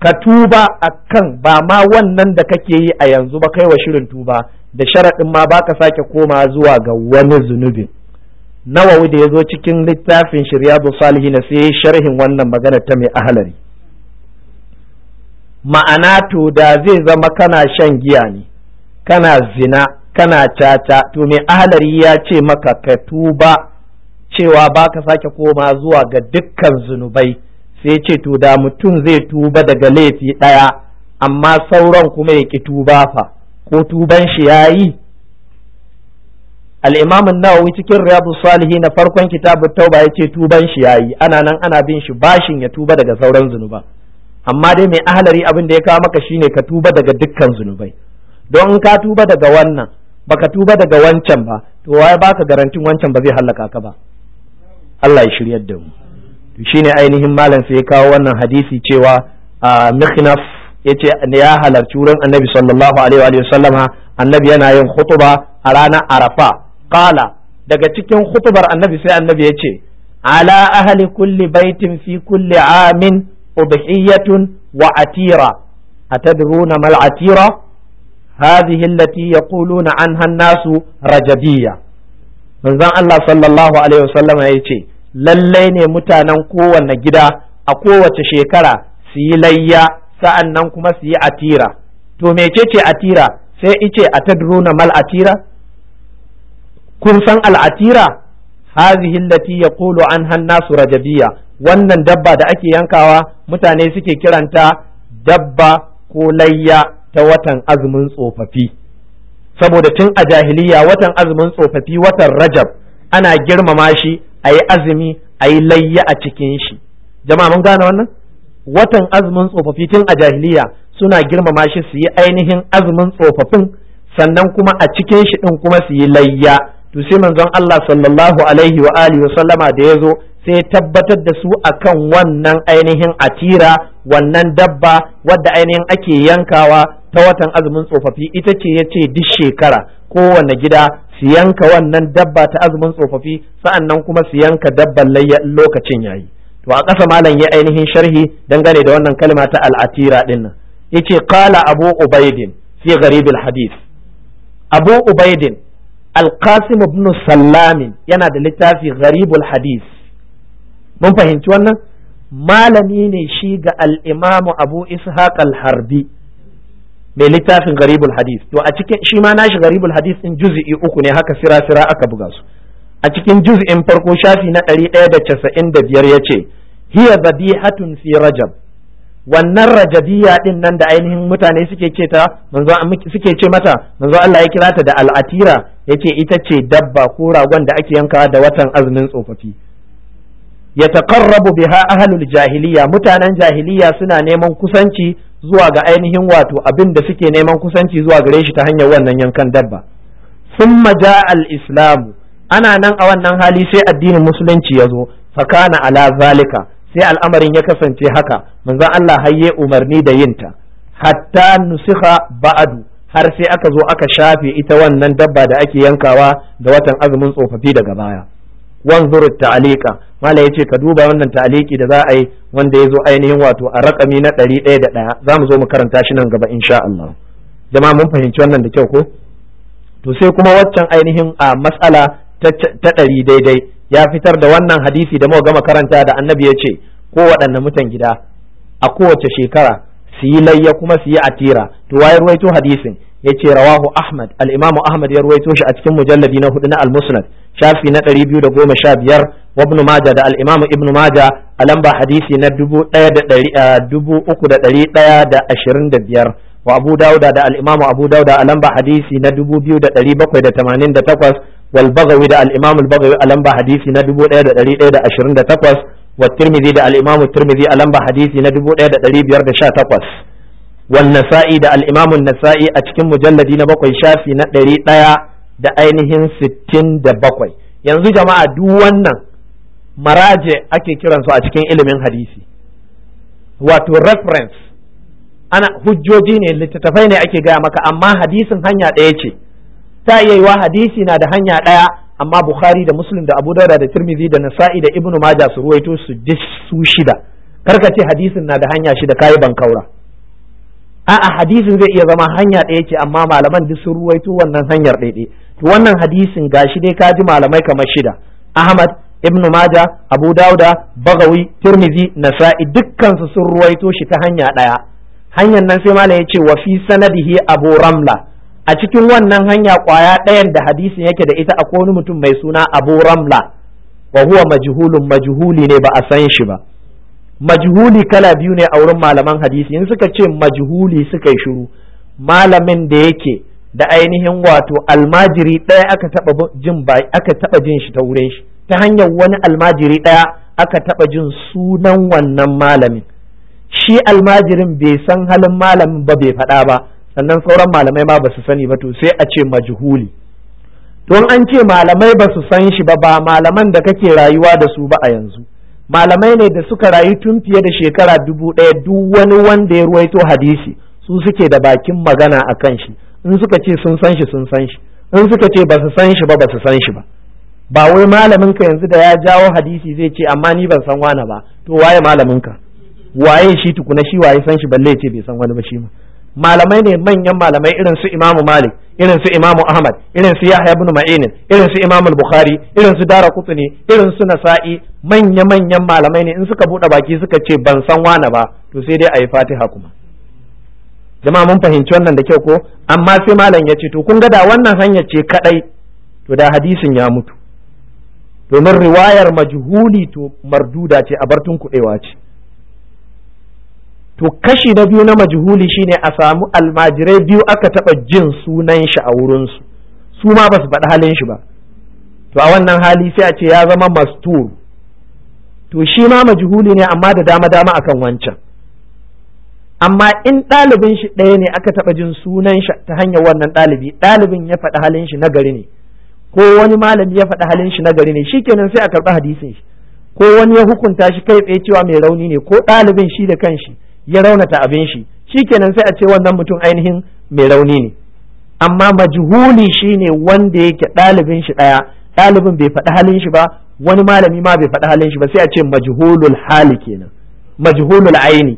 ka tuba akan ba ma wannan da kake yi a yanzu ba kai wa shirin tuba da sharaɗin ma ba ka sake koma zuwa ga wani zunubin nawawi da ya zo cikin littafin shirya shiryadu na sai sharhin wannan magana ta mai ahalari ma'ana to da zai zama kana shan giya ne kana zina kana caca to mai ahalari ya ce maka ka tuba cewa ba ka sake koma zuwa ga dukkan zunubai sai ce to da mutum zai tuba daga laifi ɗaya amma sauran kuma ya ki tuba fa ko tuban shi ya yi al-imam an-nawawi cikin riyadu salihin na farkon kitabu tauba yace tuban shi yayi ana nan ana bin shi bashin ya tuba daga sauran zunuba amma dai mai ahlari abin da ya kawo maka shine ka tuba daga dukkan zunubai don in ka tuba daga wannan baka tuba daga wancan ba to waye baka garantin wancan ba zai hallaka ka ba Allah ya shiryar da mu to shine ainihin malam sai ya kawo wannan hadisi cewa a mikhnaf yace ya halarci wurin annabi sallallahu alaihi wa sallama annabi yana yin khutba a ranar arafa qala daga cikin hutubar annabi sai annabi ya ce ala ahli kulli baitin fi kulli amin udhiyatun wa atira atadruna mal atira هذه التي يقولون عنها الناس رجبية manzon Allah sallallahu alaihi wasallam ya ce lallai ne mutanen kowanne gida a kowace shekara su yi layya sa'an nan kuma su yi atira to mecece atira sai ice a tadruna mal atira kun san al'atira hadhihi allati yaqulu anha an-nasu rajabiyya wannan dabba da ake yankawa mutane suke kiranta dabba ko layya ta watan azumin tsofaffi saboda tun a jahiliya watan azumin tsofaffi watan rajab ana girmama shi a yi azumi a yi layya a cikin shi jama'a mun gane wannan watan azumin tsofaffi tun a jahiliya suna girmama shi su yi ainihin azumin tsofaffin sannan kuma a cikin shi ɗin kuma su yi layya to sai manzon Allah sallallahu alaihi wa alihi sallama da yazo sai tabbatar da su akan wannan ainihin atira wannan dabba wadda ainihin ake yankawa ta watan azumin tsofaffi ita ce yace duk shekara kowanne gida su yanka wannan dabba ta azumin tsofaffi sa'annan kuma su yanka dabban lokacin yayi to a ƙasa malam ya ainihin sharhi dangane da wannan kalma ta al'atira din yace qala abu ubaidin fi gharib al hadith abu ubaidin alqasim ibn sallamin yana da littafi gharibul hadis mun fahimci wannan malami ne shi ga Al-Imamu abu ishaq al-harbi mai littafin garibul hadis to a cikin shi ma nashi garibul hadis in juz'i uku ne haka sira sira aka buga su a cikin juz'in farko shafi na ɗari ɗaya da da biyar ya ce hiya zabihatun fi rajab wannan rajabiyya din nan da ainihin mutane suke ce ta manzo suke ce mata manzo Allah ya kira ta da al'atira yace ita ce dabba ko ragon da ake yankawa da watan azumin tsofaffi ya taqarrabu biha ahlul jahiliya mutanen jahiliya suna neman kusanci zuwa ga ainihin wato abinda suke neman kusanci zuwa gare shi ta hanyar wannan yankan dabba summa jaa al islam ana nan a wannan hali sai addinin musulunci ya zo fakana ala zalika sai al'amarin ya kasance haka manzon Allah hayye umarni da yinta hatta nusiha ba'adu har sai aka zo aka shafe ita wannan dabba da ake yankawa da watan azumin tsofaffi daga baya wanzur ta'alika mala yace ka duba wannan ta'aliki da za a yi wanda ya zo ainihin wato a rakami na ɗari ɗaya da ɗaya za mu zo mu karanta shi nan gaba insha Allah jama'a mun fahimci wannan da kyau ko to sai kuma waccan ainihin a matsala ta ɗari daidai ya fitar da wannan hadisi da muka gama karanta da annabi ya ce ko waɗanne mutan gida a kowace shekara su yi layya kuma su yi atira to waye ruwaito hadisin ya ce rawahu ahmad al-imamu ahmad ya ruwaito shi a cikin mujallabi na hudu na al-musnad shafi na ɗari biyu da goma sha biyar wa ibn maja da al-imamu ibn maja a lamba hadisi na dubu uku da ɗari ɗaya da ashirin da biyar wa abu dauda da al-imamu abu dauda a lamba hadisi na dubu biyu da ɗari bakwai da tamanin da takwas wal bagawi da al-imam al-bagawi a lamba hadisi na 1128 wa tirmidhi da al-imam tirmidhi a lamba hadisi na 1518 wal nasa'i da al-imam an-nasa'i a cikin mujalladi na bakwai shafi na 100 da ainihin 67 yanzu jama'a duk wannan maraje ake kiransu a cikin ilimin hadisi wato reference ana hujjoji ne littattafai ne ake gaya maka amma hadisin hanya ɗaya ce ta iya yiwa hadisi na da hanya ɗaya amma bukhari da muslim da abu Dawud da tirmidhi da nasa'i da ibnu majah su ruwaito su su shida karka ce hadisin na da hanya shida kayi ban kaura a'a hadisin zai iya zama hanya ɗaya ce amma malaman duk sun ruwaito wannan hanyar ɗaiɗai to wannan hadisin gashi dai ka ji malamai kamar shida ahmad ibnu maja abu Dawud bagawi tirmizi nasa'i dukkan su sun ruwaito shi ta hanya ɗaya hanyar nan sai malam ya ce wa fi sanadihi abu ramla a cikin wannan hanya kwaya ɗayan da hadisin yake da ita akwai wani mutum mai suna abu ramla wa huwa majhulun majhuli ne ba a san shi ba majhuli kala biyu ne a wurin malaman hadisi in suka ce majhuli suka yi shiru malamin da yake da ainihin wato almajiri ɗaya aka taɓa jin aka taɓa jin shi ta wurin shi ta hanyar wani almajiri ɗaya aka taɓa jin sunan wannan malamin shi almajirin bai san halin malamin ba bai faɗa ba sannan sauran malamai ma ba su sani ba to sai a ce majhuli don an ce malamai ba su san shi ba ba malaman da kake rayuwa da su ba a yanzu malamai ne da suka rayu tun fiye da shekara dubu ɗaya duk wani wanda ya ruwaito hadisi su suke da bakin magana a kan shi in suka ce sun san shi sun san shi in suka ce ba su san shi ba ba su san shi ba ba wai malamin ka yanzu da ya jawo hadisi zai ce amma ni ban san wani ba to waye malamin ka waye shi tukuna shi waye san shi balle ce bai san wani ba shi ma malamai ne manyan malamai irin su imamu malik irin su imamu ahmad irin su yahya ibn ma'in irin su imamu bukhari irin su dara kutuni irin su nasa'i manya manyan malamai ne in suka bude baki suka ce ban san wane ba to sai dai ayi fatiha kuma jama'a mun fahimci wannan da kyau ko amma sai malam ya ce to kun ga da wannan hanya ce kadai to da hadisin ya mutu domin riwayar majhuli to marduda ce a bartun kudewa ce to kashi na biyu na majhuli shine a samu almajirai biyu aka taba jin sunan shi a wurinsu su ma basu faɗi halin shi ba to a wannan hali sai a ce ya zama mastur to shi ma majhuli ne amma da dama dama akan wancan amma in ɗalibin shi ɗaya ne aka taba jin sunan shi ta hanyar wannan ɗalibi ɗalibin ya faɗi halin shi na ne ko wani malami ya faɗi halin shi na gari ne shikenan sai a karɓi hadisin shi ko wani ya hukunta shi kai tsaye cewa mai rauni ne ko ɗalibin shi da kanshi ya raunata abin shi shikenan sai a ce wannan mutum ainihin mai rauni ne amma majhuli shine wanda yake ɗalibin shi ɗaya ɗalibin bai faɗi halin shi ba wani malami ma bai faɗi halin shi ba sai a ce majhulul hali kenan majhulul aini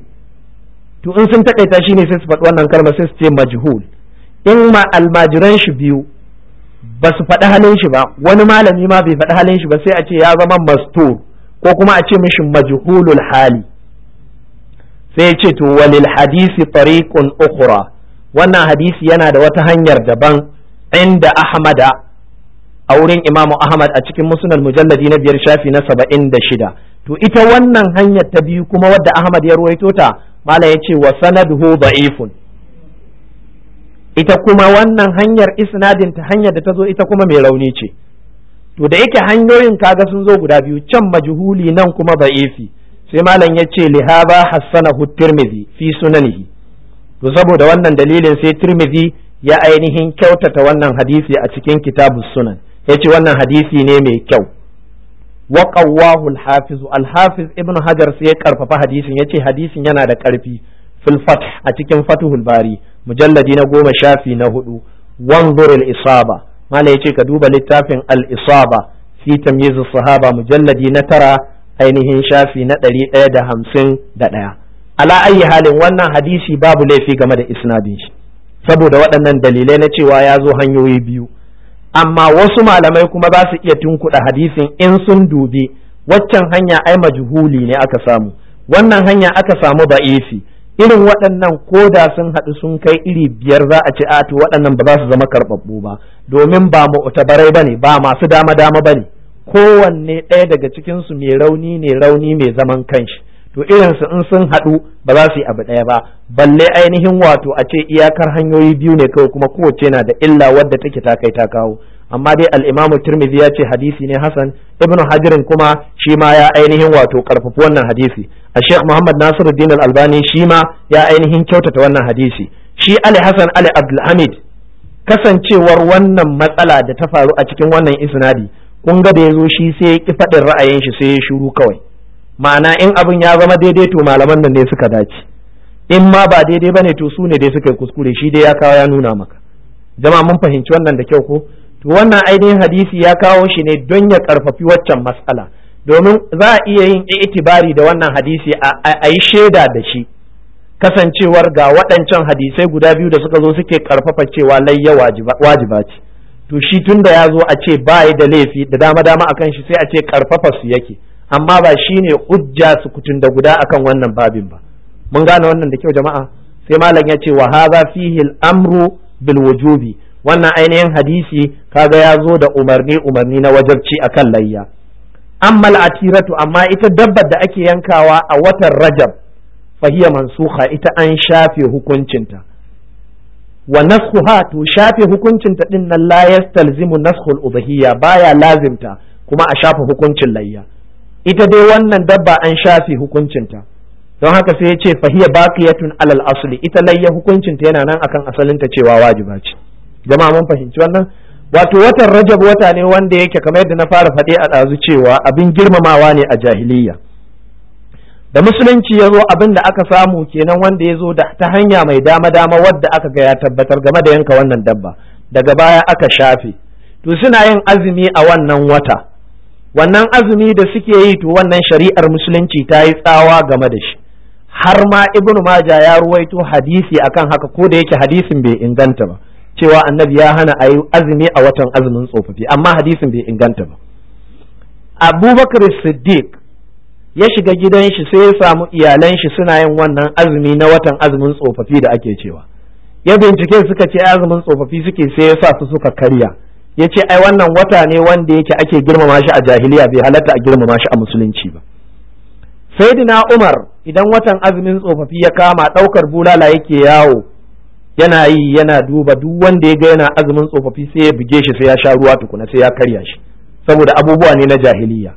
to in sun takaita shi ne sai su faɗi wannan kalma sai su ce majhul in ma almajiran shi biyu ba su faɗi halin shi ba wani malami ma bai faɗi halin shi ba sai a ce ya zama mastur ko kuma a ce mishi majhulul hali sai ce to walil hadisi tariqun ukhra wannan hadisi yana da wata hanyar daban inda ahmada a wurin imamu ahmad a cikin musnad mujalladi na biyar shafi na saba'in da shida to ita wannan hanyar ta biyu kuma wadda ahmad ya ruwaito ta mala ya ce wa sanaduhu da'ifun ita kuma wannan hanyar isnadin ta hanyar da ta zo ita kuma mai rauni ce to da yake hanyoyin kaga sun zo guda biyu can majhuli nan kuma da'ifi sai malam ya ce lihaba hassanahu tirmidhi fi sunanihi to saboda wannan dalilin sai tirmidhi ya ainihin kyautata wannan hadisi a cikin kitabu sunan ya ce wannan hadisi ne mai kyau wa qawwahu al-hafiz al-hafiz ibn hajar sai ya karfafa hadisin ya ce hadisin yana da karfi fil fath a cikin fathul bari mujalladi na goma shafi na hudu wanzur al-isaba ya yace ka duba littafin al-isaba fi tamyiz sahaba mujalladi na tara ainihin shafi na ɗari ɗaya da hamsin da ɗaya ala ayyi halin wannan hadisi babu laifi game da isnadin shi saboda waɗannan dalilai na cewa ya zo hanyoyi biyu amma wasu malamai kuma ba su iya tunkuɗa hadisin in sun dubi waccan hanya ai majhuli ne aka samu wannan hanya aka samu ba'isi irin waɗannan ko da sun haɗu sun kai iri biyar za a ce a to waɗannan ba za su zama karɓaɓɓu ba domin ba mu ba ne ba masu dama dama ba ne kowanne ɗaya daga cikinsu mai rauni ne rauni mai zaman kanshi to irinsu in sun haɗu ba za su yi abu ɗaya ba balle ainihin wato a ce iyakar hanyoyi biyu ne kawai kuma kowace na da illa wadda take ta kai ta kawo amma dai al'imamu turmizi ya ce hadisi ne hasan ibn hajirin kuma shi ma ya ainihin wato karfafi wannan hadisi a sheikh muhammad nasiruddin al-albani shi ma ya ainihin kyautata wannan hadisi shi ali hasan ali abdulhamid kasancewar wannan matsala da ta faru a cikin wannan isnadi kun ga da ya zo shi sai ya ki faɗin ra'ayin shi sai ya shiru kawai ma'ana in abin ya zama daidai to malaman nan ne suka dace in ma ba daidai bane to su ne dai suka yi kuskure shi dai ya kawo ya nuna maka Jama mun fahimci wannan da kyau ko to wannan ainihin hadisi ya kawo shi ne don ya karfafi waccan matsala domin za a iya yin itibari da wannan hadisi a yi shaida da shi kasancewar ga waɗancan hadisai guda biyu da suka zo suke karfafa cewa ya wajiba ce to shi da ya zo a ce ba yi da laifi da dama dama akan shi sai a ce karfafa su yake amma ba shine hujja su kutun da guda akan wannan babin ba mun gane wannan da kyau jama'a sai malam ya ce wa hadha fihi al-amru bil wujubi wannan ainihin hadisi kaga ya zo da umarni umarni na wajabci akan layya amma al-atiratu amma ita dabbar da ake yankawa a watan rajab fahiya mansuha ita an shafe hukuncinta wa naskuha to shafe hukuncin ta din nan la yastalzimu naskhul ubahiyya baya lazimta kuma a shafe hukuncin layya ita dai wannan dabba an shafe hukuncin ta don haka sai ya ce fahiya baqiyatun alal asli ita layya hukuncin ta yana nan akan asalin ta cewa wajiba ce jama'a mun fahimci wannan wato watan rajab wata ne wanda yake kamar yadda na fara faɗi a ɗazu cewa abin girmamawa ne a jahiliya da musulunci ya zo abin da aka samu kenan wanda ya zo da ta hanya mai dama dama wadda aka ga ya tabbatar game da yanka wannan dabba daga baya aka shafe to suna yin azumi a wannan wata wannan azumi da suke yi to wannan shari'ar musulunci ta yi tsawa game da shi har ma ibnu maja ya ruwaito hadisi akan haka ko da yake hadisin bai inganta ba cewa annabi ya hana a yi azumi a watan azumin tsofaffi amma hadisin bai inganta ba abubakar siddiq ya shiga gidan shi sai ya samu iyalan shi suna yin wannan azumi na watan azumin tsofaffi da ake cewa ya bincike suka ce azumin tsofaffi suke sai ya sa su suka karya ya ce ai wannan wata ne wanda yake ake girmama shi a jahiliya bai halatta a girmama shi a musulunci ba saidina umar idan watan azumin tsofaffi ya kama ɗaukar bulala yake yawo yana yi yana duba duk wanda ya ga yana azumin tsofaffi sai ya buge shi sai ya sha ruwa tukuna sai ya karya shi saboda abubuwa ne na jahiliya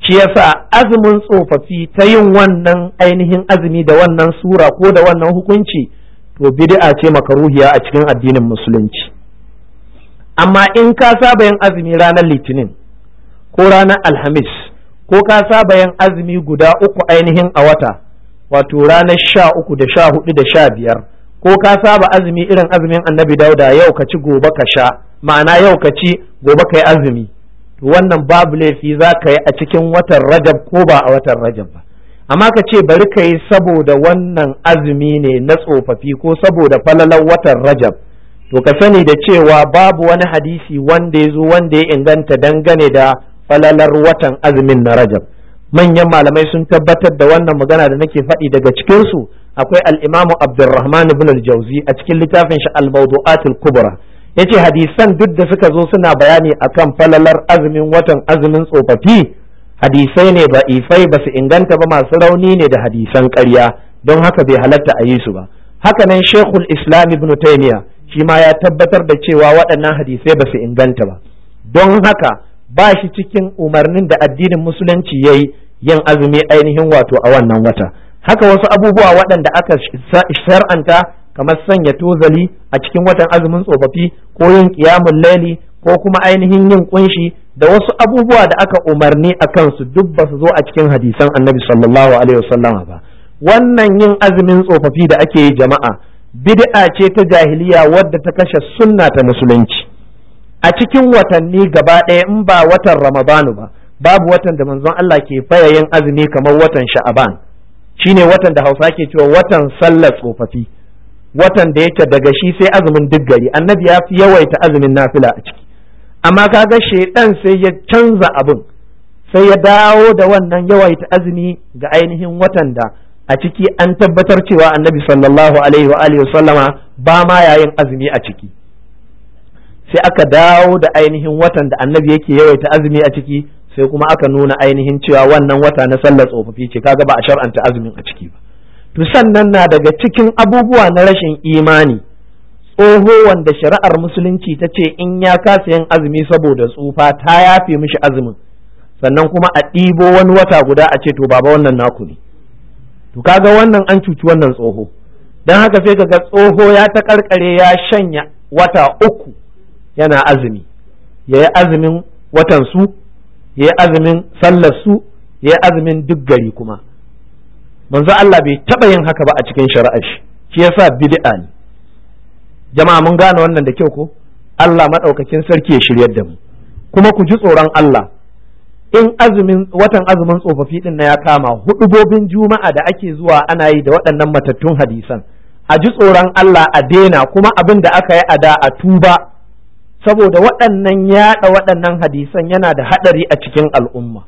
shi yasa azumin tsofaffi ta yin wannan ainihin azumi da wannan sura ko da wannan hukunci to bid'a ce makaruhiya a cikin addinin musulunci amma in ka saba yin azumi ranar litinin ko ranar alhamis ko ka saba yin azumi guda uku ainihin a wata wato ranar sha uku da sha hudu da sha biyar ko ka saba azumi irin azumin annabi dauda yau ka ci gobe ka sha ma'ana yau ka ci gobe ka yi azumi wannan babu laifi za ka yi a cikin watan rajab ko ba a watan rajab ba amma ka ce bari ka yi saboda wannan azumi ne na tsofaffi ko saboda falalar watan rajab to ka sani da cewa babu wani hadisi wanda ya zo wanda ya inganta dangane da falalar watan azumin na rajab manyan malamai sun tabbatar da wannan magana da nake faɗi daga cikinsu akwai al'imamu Abdulrahman ibn al-jauzi a cikin littafin shi al-mawdu'atul kubra yace hadisan duk da suka zo suna bayani akan falalar azumin watan azumin tsofaffi hadisai ne ba ifai ba su inganta ba masu rauni ne da hadisan karya. don haka bai halatta a yi su ba haka nan shekul islam ibn taimiya shi ma ya tabbatar da cewa waɗannan hadisai ba su inganta ba don haka ba shi cikin umarnin da addinin musulunci ya yi yin azumi ainihin wato a wannan wata haka wasu abubuwa waɗanda aka shar'anta kamar sanya tuzali a cikin watan azumin tsofaffi ko yin ƙiyamun laili ko kuma ainihin yin kunshi da wasu abubuwa da aka umarni a kansu duk ba su zo a cikin hadisan annabi sallallahu alaihi wasallam ba wannan yin azumin tsofaffi da ake yi jama'a bid'a ce ta jahiliya wadda ta kashe sunna ta musulunci a cikin watanni gaba ɗaya in ba watan ramadanu ba babu watan da manzon Allah ke faya yin azumi kamar watan sha'aban shine watan da hausa ke cewa watan sallar tsofaffi watan da yake daga shi sai azumin duk gari annabi ya fi yawaita azumin nafila a ciki amma kaga shedan sai ya canza abin sai ya dawo da wannan yawaita azumi ga ainihin watan da a ciki an tabbatar cewa annabi sallallahu alaihi wa alihi sallama ba ma yayin azumi a ciki sai aka dawo da ainihin watan da annabi yake yawaita azumi a ciki sai kuma aka nuna ainihin cewa wannan wata na sallar tsofaffi ce kaga ba a shar'anta azumin a ciki ba to sannan na daga cikin abubuwa na rashin imani tsoho wanda shari'ar musulunci ta ce in ya kasa yin azumi saboda tsufa ta yafe mishi azumin sannan kuma a ɗibo wani wata guda a ce to baba wannan naku ne to kaga wannan an cuci wannan tsoho don haka sai kaga tsoho ya ta karkare ya shanya wata uku yana azumi ya yi azumin watan su ya yi azumin sallar su ya yi azumin duk gari kuma manzo Allah bai taba yin haka ba a cikin shari'ar shi shi yasa bid'a ne jama'a mun gane wannan da kyau ko Allah madaukakin sarki ya shiryar da mu kuma ku ji tsoron Allah in azumin watan azumin tsofaffi din na ya kama hudubobin juma'a da ake zuwa ana yi da waɗannan matattun hadisan a ji tsoron Allah a daina kuma abin da aka yi a da a tuba saboda waɗannan yaɗa waɗannan hadisan yana da haɗari a cikin al'umma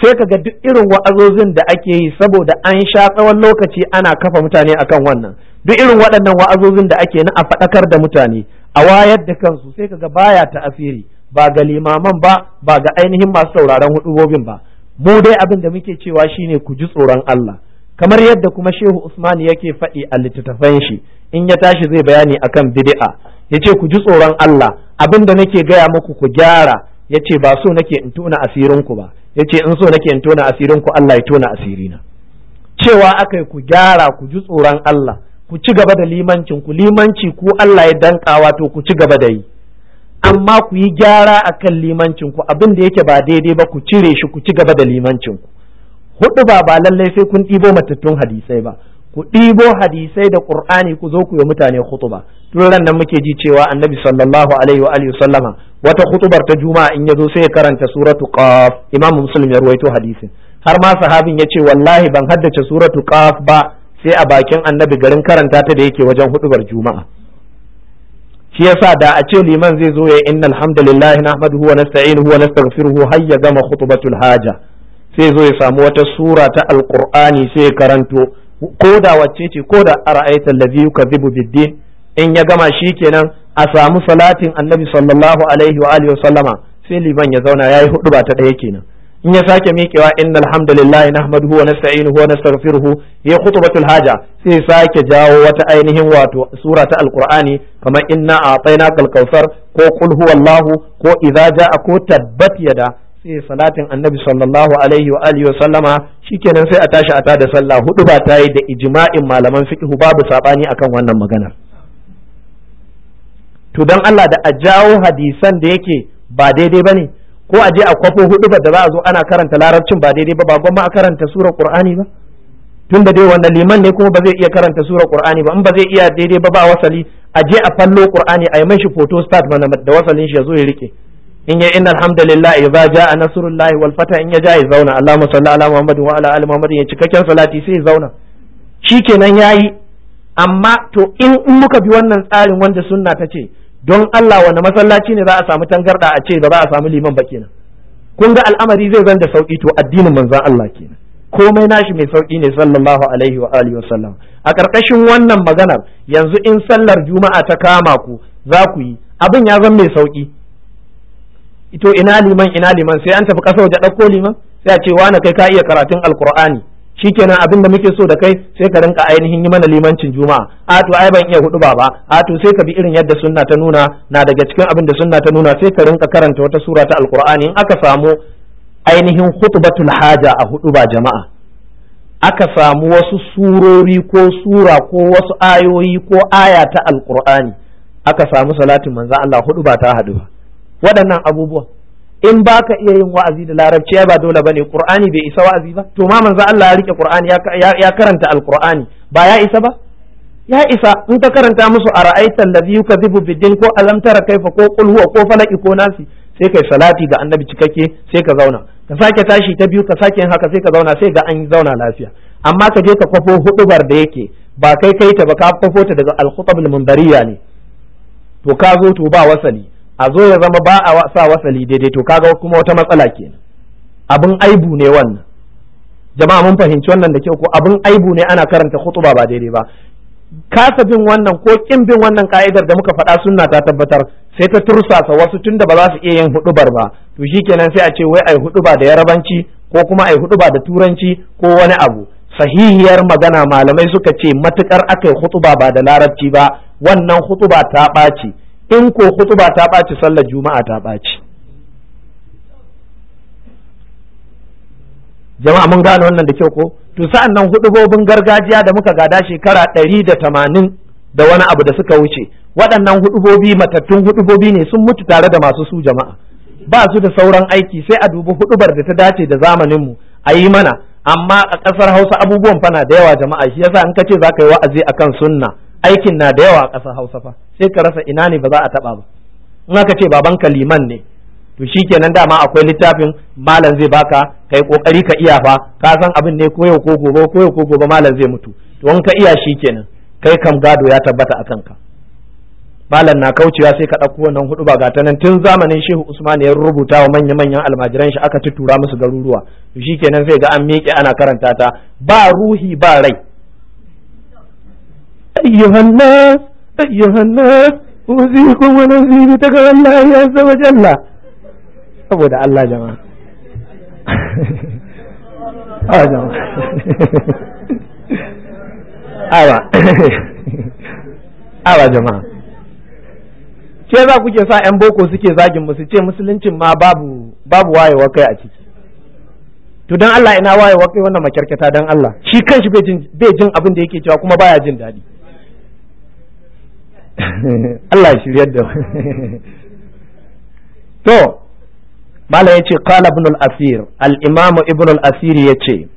sai ka ga duk irin wa'azozin da ake yi saboda an sha tsawon lokaci ana kafa mutane akan wannan duk irin waɗannan wa'azozin da ake na a faɗakar da mutane a wayar da kansu sai ka ga baya ta'asiri ba ga limaman ba ba ga ainihin masu sauraron hudubobin ba mu dai abin da muke cewa shine ku ji tsoron Allah kamar yadda kuma Shehu Usman yake faɗi a littattafan shi in ya tashi zai bayani akan bid'a yace ku ji tsoron Allah abin da nake gaya muku ku gyara Ya ce ba so nake in tona asirin ku ba ce in so nake in tona asirin ku Allah ya tona asirina cewa akai ku gyara ku ji tsoron Allah ku ci gaba da limancin ku limanci ku Allah ya dankawa to ku ci gaba da yi amma ku yi gyara akan limancin ku abin da yake ba daidai ba ku cire shi ku ci gaba da limancin ku hudu ba ba lallai sai kun ɗibo matattun hadisai ba ku ɗibo hadisai da ƙur'ani ku zo ku yi mutane khutuba tun ran nan muke ji cewa annabi sallallahu alaihi wa alihi sallama wata khutubar ta juma'a in yazo sai ya karanta suratu qaf imam muslim ya ruwaito hadisin har ma sahabin ya ce wallahi ban haddace suratu qaf ba sai a bakin annabi garin karanta ta da yake wajen khutubar juma'a shi yasa da a ce liman zai zo ya inna alhamdulillahi nahmaduhu wa nasta'inuhu wa nastaghfiruhu har ya gama khutbatul haja sai zo ya samu wata sura ta alqur'ani sai ya karanto ko da wacce ce ko da ara'aita allazi yukazzibu biddin in ya gama shi kenan a samu salatin annabi sallallahu alaihi wa alihi sallama sai liman ya zauna yayi hudu ba ta daya kenan in ya sake miƙewa innal hamdalillahi nahmaduhu wa nasta'inuhu wa nastaghfiruhu ya khutbatul haja sai sake jawo wata ainihin wato sura ta alqur'ani kamar inna a'tainakal kautsar ko qul huwallahu ko idza ja'a ko tabbat yada sai salatin annabi sallallahu alaihi wa alihi sallama shikenan sai a tashi a tada sallah hudu ba ta yi da ijma'in malaman fiqh babu sabani akan wannan magana. to dan Allah da a jawo hadisan da yake ba daidai bane ko a je a kwafo hudu ba da za a zo ana karanta larabcin ba daidai ba ba gwamma a karanta surar qur'ani ba tun da dai wannan liman ne kuma ba zai iya karanta surar qur'ani ba in ba zai iya daidai ba ba wasali a je a fallo qur'ani a yi shi photo start mana da wasalin shi ya zo ya rike in ya inna alhamdulillah idza jaa nasrullahi wal fata in ya ja ya zauna allahumma salli ala wa ala ali ya cikakken salati sai ya zauna shikenan yayi amma to in muka bi wannan tsarin wanda sunna ta ce don Allah wani masallaci ne za a samu tangarda a ce ba za a samu liman ba kenan kun ga al'amari zai zan da sauki to addinin manzon Allah kenan komai nashi mai sauki ne sallallahu alaihi wa alihi wasallam a karkashin wannan maganar yanzu in sallar juma'a ta kama ku za ku yi abin ya zan mai sauki ito ina liman ina liman sai an tafi kasa waje ɗauko liman sai a ce na kai ka iya karatun alkur'ani shikenan abin da muke so da kai sai ka rinka ainihin yi mana limancin juma'a a to ai ban iya hudu ba a to sai ka bi irin yadda sunna ta nuna na daga cikin abin da sunna ta nuna sai ka rinka karanta wata sura ta alkur'ani in aka samu ainihin khutbatul haja a hudu ba jama'a aka samu wasu surori ko sura ko wasu ayoyi ko aya ta alkur'ani aka samu salatin manzo Allah hudu ba ta hadu ba waɗannan abubuwan in ba ka iya yin wa'azi da larabci ba dole ba ne ƙur'ani bai isa wa'azi ba to ma manzo Allah ya rike qur'ani ya karanta alqur'ani ba ya isa ba ya isa in ka karanta musu a ra'aita ka yukadhibu bidin ko alam tara kaifa ko qul ko falaki ko nasi sai kai salati ga annabi cikakke sai ka zauna ka sake tashi ta biyu ka sake yin haka sai ka zauna sai ga an zauna lafiya amma ka je ka kwafo hudubar da yake ba kai kai ta ba ka kwafo ta daga al-khutab al ne to ka zo to ba wasali a zo ya zama ba a sa wasali daidai to kaga kuma wata matsala kenan abin aibu ne wannan jama'a mun fahimci wannan da kyau ko abin aibu ne ana karanta khutuba ba daidai ba kasa bin wannan ko kin bin wannan ka'idar da muka faɗa sunna ta tabbatar sai ta tursasa wasu tunda ba za su iya yin hudubar ba to shikenan sai a ce wai ai huduba da yarabanci ko kuma ai huduba da turanci ko wani abu sahihiyar magana malamai suka ce matukar yi hutuba ba da larabci ba wannan hutuba ta ɓaci in ko hutuba ta ɓaci sallar juma'a ta ɓaci jama'a mun gane wannan da kyau ko to sa'an nan hudubobin gargajiya da muka gada shekara ɗari da tamanin da wani abu da suka wuce waɗannan hudubobi matattun hudubobi ne sun mutu tare da masu su jama'a ba su da sauran aiki sai a dubi hudubar da ta dace da zamanin mu a yi mana amma a ƙasar hausa abubuwan fana da yawa jama'a shi yasa in ka ce za ka yi wa'azi kan sunna aikin na da yawa a ƙasar hausa fa sai ka rasa ina ne ba za a taɓa ba in aka ce baban liman ne to shikenan dama akwai littafin malam zai baka kai kokari ka iya fa ka san abin ne ko yau ko gobe ko yau ko gobe malam zai mutu to in ka iya shikenan kai kam gado ya tabbata a kanka malam na kaucewa sai ka ɗauko wannan hudu ba gata nan tun zamanin shehu usman ya rubuta wa manya manyan almajiran shi aka tutura musu garuruwa to shikenan sai ga an miƙe ana karanta ta ba ruhi ba rai أيها الناس أيها الناس أوصيكم ونفسي بتقوى الله عز وجل أبو دع الله جماعة آه جماعة awa awa jama'a ce za kuke sa 'yan boko suke zagin musu ce musuluncin ma babu babu wayewa kai a ciki to dan Allah ina wayewa kai wannan makyarkata dan Allah shi kanshi bai jin abin da yake cewa kuma baya jin daɗi Allah ya yadda da to malam yace qala ibn al-asir al-imam ibn al-asir yace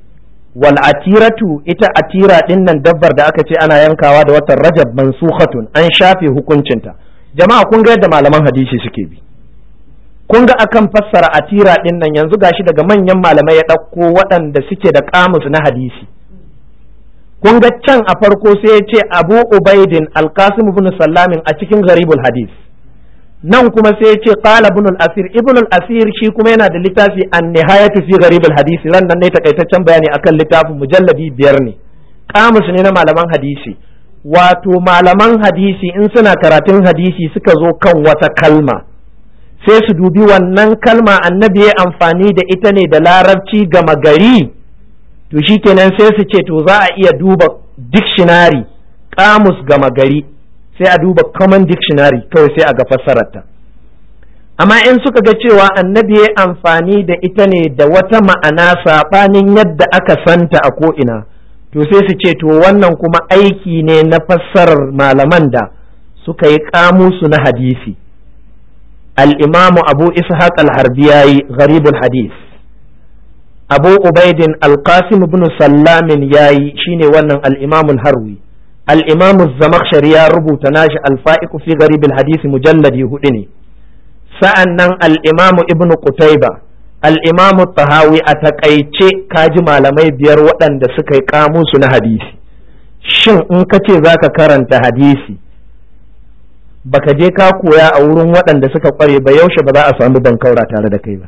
wal atiratu ita atira din nan dabbar da aka ce ana yankawa da watan rajab mansukhatun an shafe hukuncinta jama'a kun ga yadda malaman hadisi suke bi kun ga akan fassara atira din nan yanzu gashi daga manyan malamai ya ɗauko waɗanda suke da kamus na hadisi kun ga can a farko sai ya ce abu ubaidin alkasim ibn sallamin a cikin garibul hadis nan kuma sai ya ce qala ibn asir ibn asir shi kuma yana da littafi an nihayatu fi garibul hadis ran nan ne takaitaccen bayani akan littafin mujallabi biyar ne kamus ne na malaman hadisi wato malaman hadisi in suna karatun hadisi suka zo kan wata kalma sai su dubi wannan kalma annabi ya amfani da ita ne da larabci gama gari to shi shikenan sai su ce to za a iya duba dictionary kamus gama gari sai a duba common dictionary kawai sai a ga fassararta amma in suka ga cewa annabi ya amfani da ita ne da wata ma'ana saɓanin yadda aka santa a ko'ina to sai su ce to wannan kuma aiki ne na fassarar malaman da suka yi kamusu na hadisi al-imamu abu ishaq al-harbiyayi gharibul hadis abu ubaidin alkasim ibn sallamin yayi shine wannan al harwi al-imamu zamakhshari ya rubuta nashi al-fa'iqu fi gharib al mujalladi hudu ne sa'annan al al'imamu ibn Qutaiba, Al'imamu tahawi a takaice kaji malamai biyar waɗanda suka yi kamusu na hadisi shin in ka ce zaka karanta hadisi baka je ka koya a wurin waɗanda suka kware ba yaushe ba za a samu bankaura tare da kai ba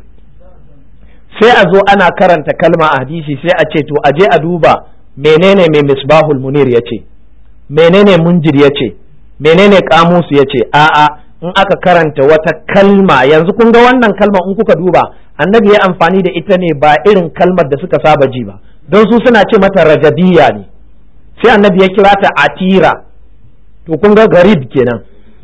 sai a zo ana karanta kalma a hadisi sai a ce to a je a duba menene mai misbahul munir ya ce menene munjir ya ce menene kamusu ya ce a'a in aka karanta wata kalma yanzu kun ga wannan kalma in kuka duba annabi ya amfani da ita ne ba irin kalmar da suka saba ji ba don su suna ce mata rajadiyya ne sai annabi ya kira ta atira to kun ga garib kenan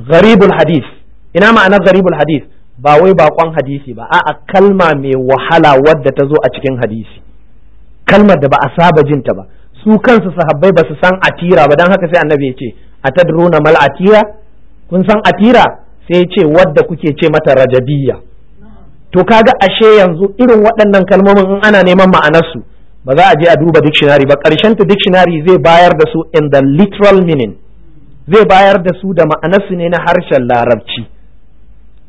garibul hadis ina ma'anar garibul hadis ba wai bakon hadisi ba a'a kalma mai wahala wadda ta zo a cikin hadisi kalmar da ba a saba jin ta ba su kansu sahabbai ba su san atira ba don haka sai annabi ya ce atadruna mal atira kun san atira sai ya ce wadda kuke ce mata rajabiya. to kaga ashe yanzu irin waɗannan kalmomin in ana neman ma'anarsu ba za a je a duba dictionary ba Karshen ta dictionary zai bayar da su in the literal meaning zai bayar da su da ma'anarsu ne na harshen larabci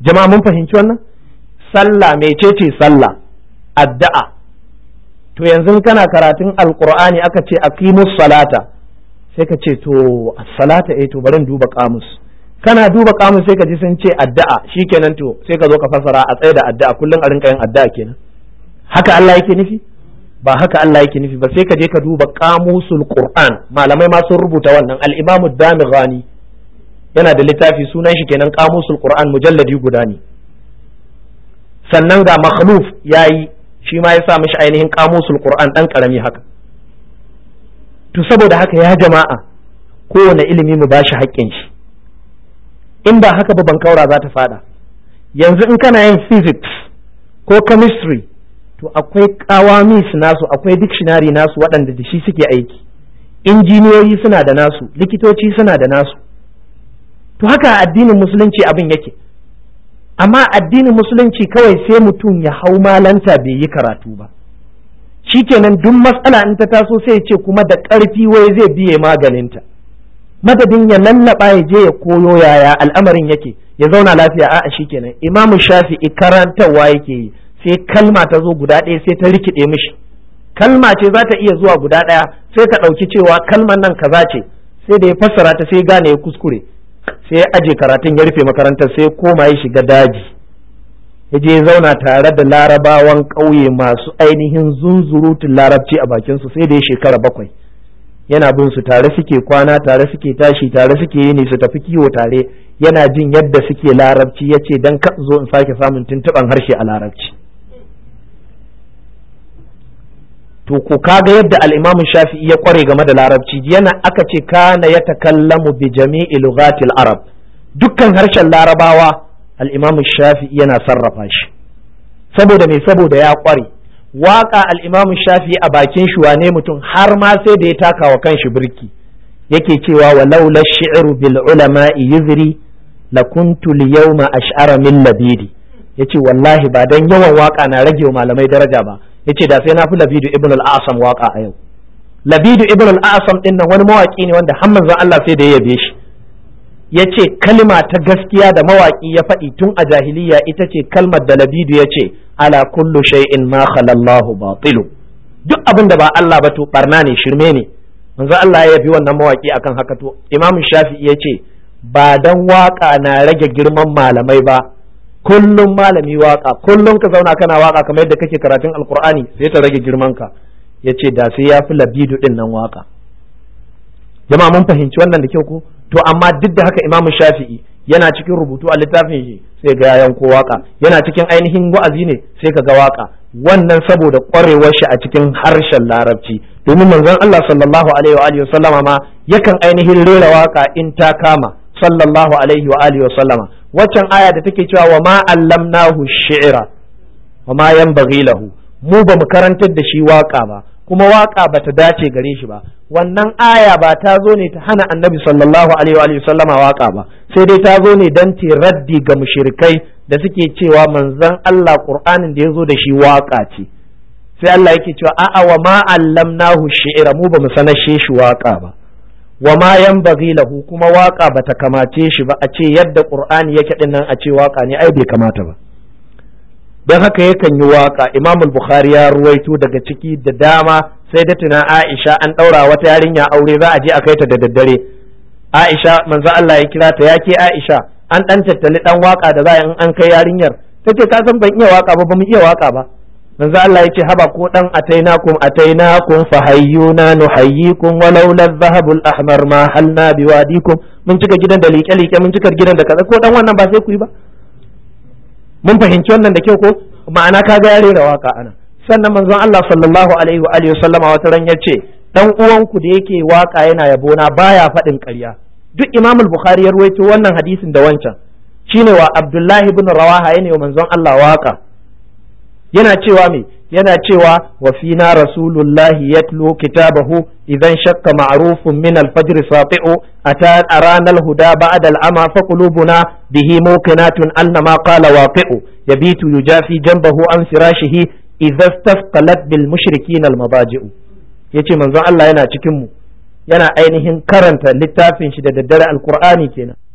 jama'a mun fahimci wannan sallah mecece sallah addu'a to yanzu kana karatun alqur'ani aka ce aqimus salata sai ka ce to as-salata eh to bari duba kamus kana duba kamus sai ka ji sun ce addu'a shikenan to sai ka zo ka fasara a tsaye da addu'a kullum a rinka yin addu'a kenan haka Allah yake nufi ba haka Allah yake nufi ba sai ka je ka duba kamusul Qur'an malamai ma sun rubuta wannan al imamu Damighani yana da littafi sunan shi kenan kamusul qur'an mujalladi guda ne sannan ga makhluf yayi shi ma ya sa mishi ainihin kamusul qur'an dan karami haka to saboda haka ya jama'a kowane ilimi mu bashi haƙƙin shi in ba haka ba bankaura za ta fada yanzu in kana yin physics ko chemistry to akwai kawamis nasu akwai dictionary nasu waɗanda da shi suke aiki injiniyoyi suna da nasu likitoci suna da nasu to haka addinin musulunci abin yake amma addinin musulunci kawai sai mutum ya hau malanta bai yi karatu ba shikenan duk matsala in ta taso sai ya ce kuma da ƙarfi wai zai biye maganinta madadin ya lallaba ya je ya koyo yaya al'amarin yake ya zauna lafiya a'a shi shikenan imamu shafi'i karantarwa yake yi sai kalma ta zo guda ɗaya sai ta rikide mishi kalma ce za ta iya zuwa guda ɗaya sai ka ɗauki cewa kalman nan kaza ce sai da ya fassara ta sai gane ya kuskure sai ya aje karatun ya rufe makarantar sai koma ya shiga daji ya je zauna tare da larabawan ƙauye masu ainihin zunzurutun larabci a bakinsu sai da ya shekara bakwai yana bin su tare suke kwana tare suke tashi tare suke yi ne su tafi kiwo tare yana jin yadda suke larabci ya ce don zo in sake samun tuntuɓan harshe a larabci to ko kaga yadda al-Imam Shafi'i ya kware game da larabci yana aka ce kana ya takallamu bi jami'i lughatil arab dukkan harshen larabawa al-Imam Shafi'i yana sarrafa shi saboda me saboda ya kware waka al-Imam Shafi'i a bakin shi wane mutum har ma sai da ya taka wa kanshi birki yake cewa wa laula shi'ru bil ulama'i yuzri kuntu al-yawma ash'ara min labidi yace wallahi ba dan yawan waka na rage wa malamai daraja ba yace da sai na fi labidu ibn al waka a yau labidu ibn al-asam din nan wani mawaki ne wanda hamman zan Allah sai da ya yabe shi yace kalma ta gaskiya da mawaki ya faɗi tun a jahiliya ita ce kalmar da labidu ce, ala kullu shay'in ma khala batilu duk abin da ba Allah ba to barna ne shirme ne manzo Allah ya yabi wannan mawaki akan haka to imam shafi'i yace ba dan waka na rage girman malamai ba kullum malami waka kullum ka zauna kana waka kamar yadda kake karatun alkur'ani sai ta rage girman ka yace da sai yafi labidu din nan waka jama'a mun fahimci wannan da kyau ko to amma duk da haka imamu shafi'i yana cikin rubutu a littafin shi sai ga yayan ko waka yana cikin ainihin wa'azi ne sai ka ga waka wannan saboda kwarewar shi a cikin harshen larabci domin manzon Allah sallallahu alaihi wa alihi ma yakan ainihin rera waka in ta kama sallallahu alaihi wa alihi waccan aya da take cewa wa ma allamnahu shi'ra wa ma yanbaghi lahu mu ba mu karantar da shi waka ba kuma waka ba ta dace gare shi ba wannan aya ba ta zo ne ta hana annabi sallallahu alaihi wa sallama waka ba sai dai ta zo ne don ta raddi ga mushrikai da suke cewa manzon Allah Qur'anin da yazo da shi waka ce sai Allah yake cewa a'a wa ma allamnahu shi'ra mu ba mu sanashe shi waka ba wa ma 'yan lahu kuma waka ta kamace shi ba a ce yadda qur'ani yake din nan a ce waka ne ai bai kamata ba dan haka yakan yi waka imam al-bukhari ya ruwaito daga ciki da dama sai da tuna aisha an ɗaura wata yarinya aure za a je a kai ta da daddare aisha manzo Allah ya kira ta yake aisha an dan tattali dan waka da za in an kai yarinyar tace ka san ban iya waka ba ba mu iya waka ba manzo Allah yace haba ko dan ataina atainakum fa hayyuna nuhayyikum walau ladhahabul ahmar ma halna biwadikum mun cika gidan da liƙe liƙe mun cika gidan da kaza ko dan wannan ba sai ku yi ba mun fahimci wannan da kyau ko ma'ana ka ga yare da waka ana sannan manzon Allah sallallahu alaihi wa alihi sallama wata ran yace dan uwanku da yake waka yana yabona baya faɗin ƙarya duk Imam al-Bukhari ya ruwaito wannan hadisin da wancan shine wa Abdullahi ibn Rawaha yana wa manzon Allah waka yana cewa me yana cewa wa fina rasulullahi yatlu kitabahu idan shakka ma'rufun min al-fajr safi'u ata arana huda ba'da al-ama fa qulubuna bihi muqinatun annama qala waqi'u yabitu yujafi janbahu an firashihi idza istafqalat bil mushrikin al-mabaji'u yace manzon Allah yana cikin mu yana ainihin karanta littafin shi da daddare alqur'ani kenan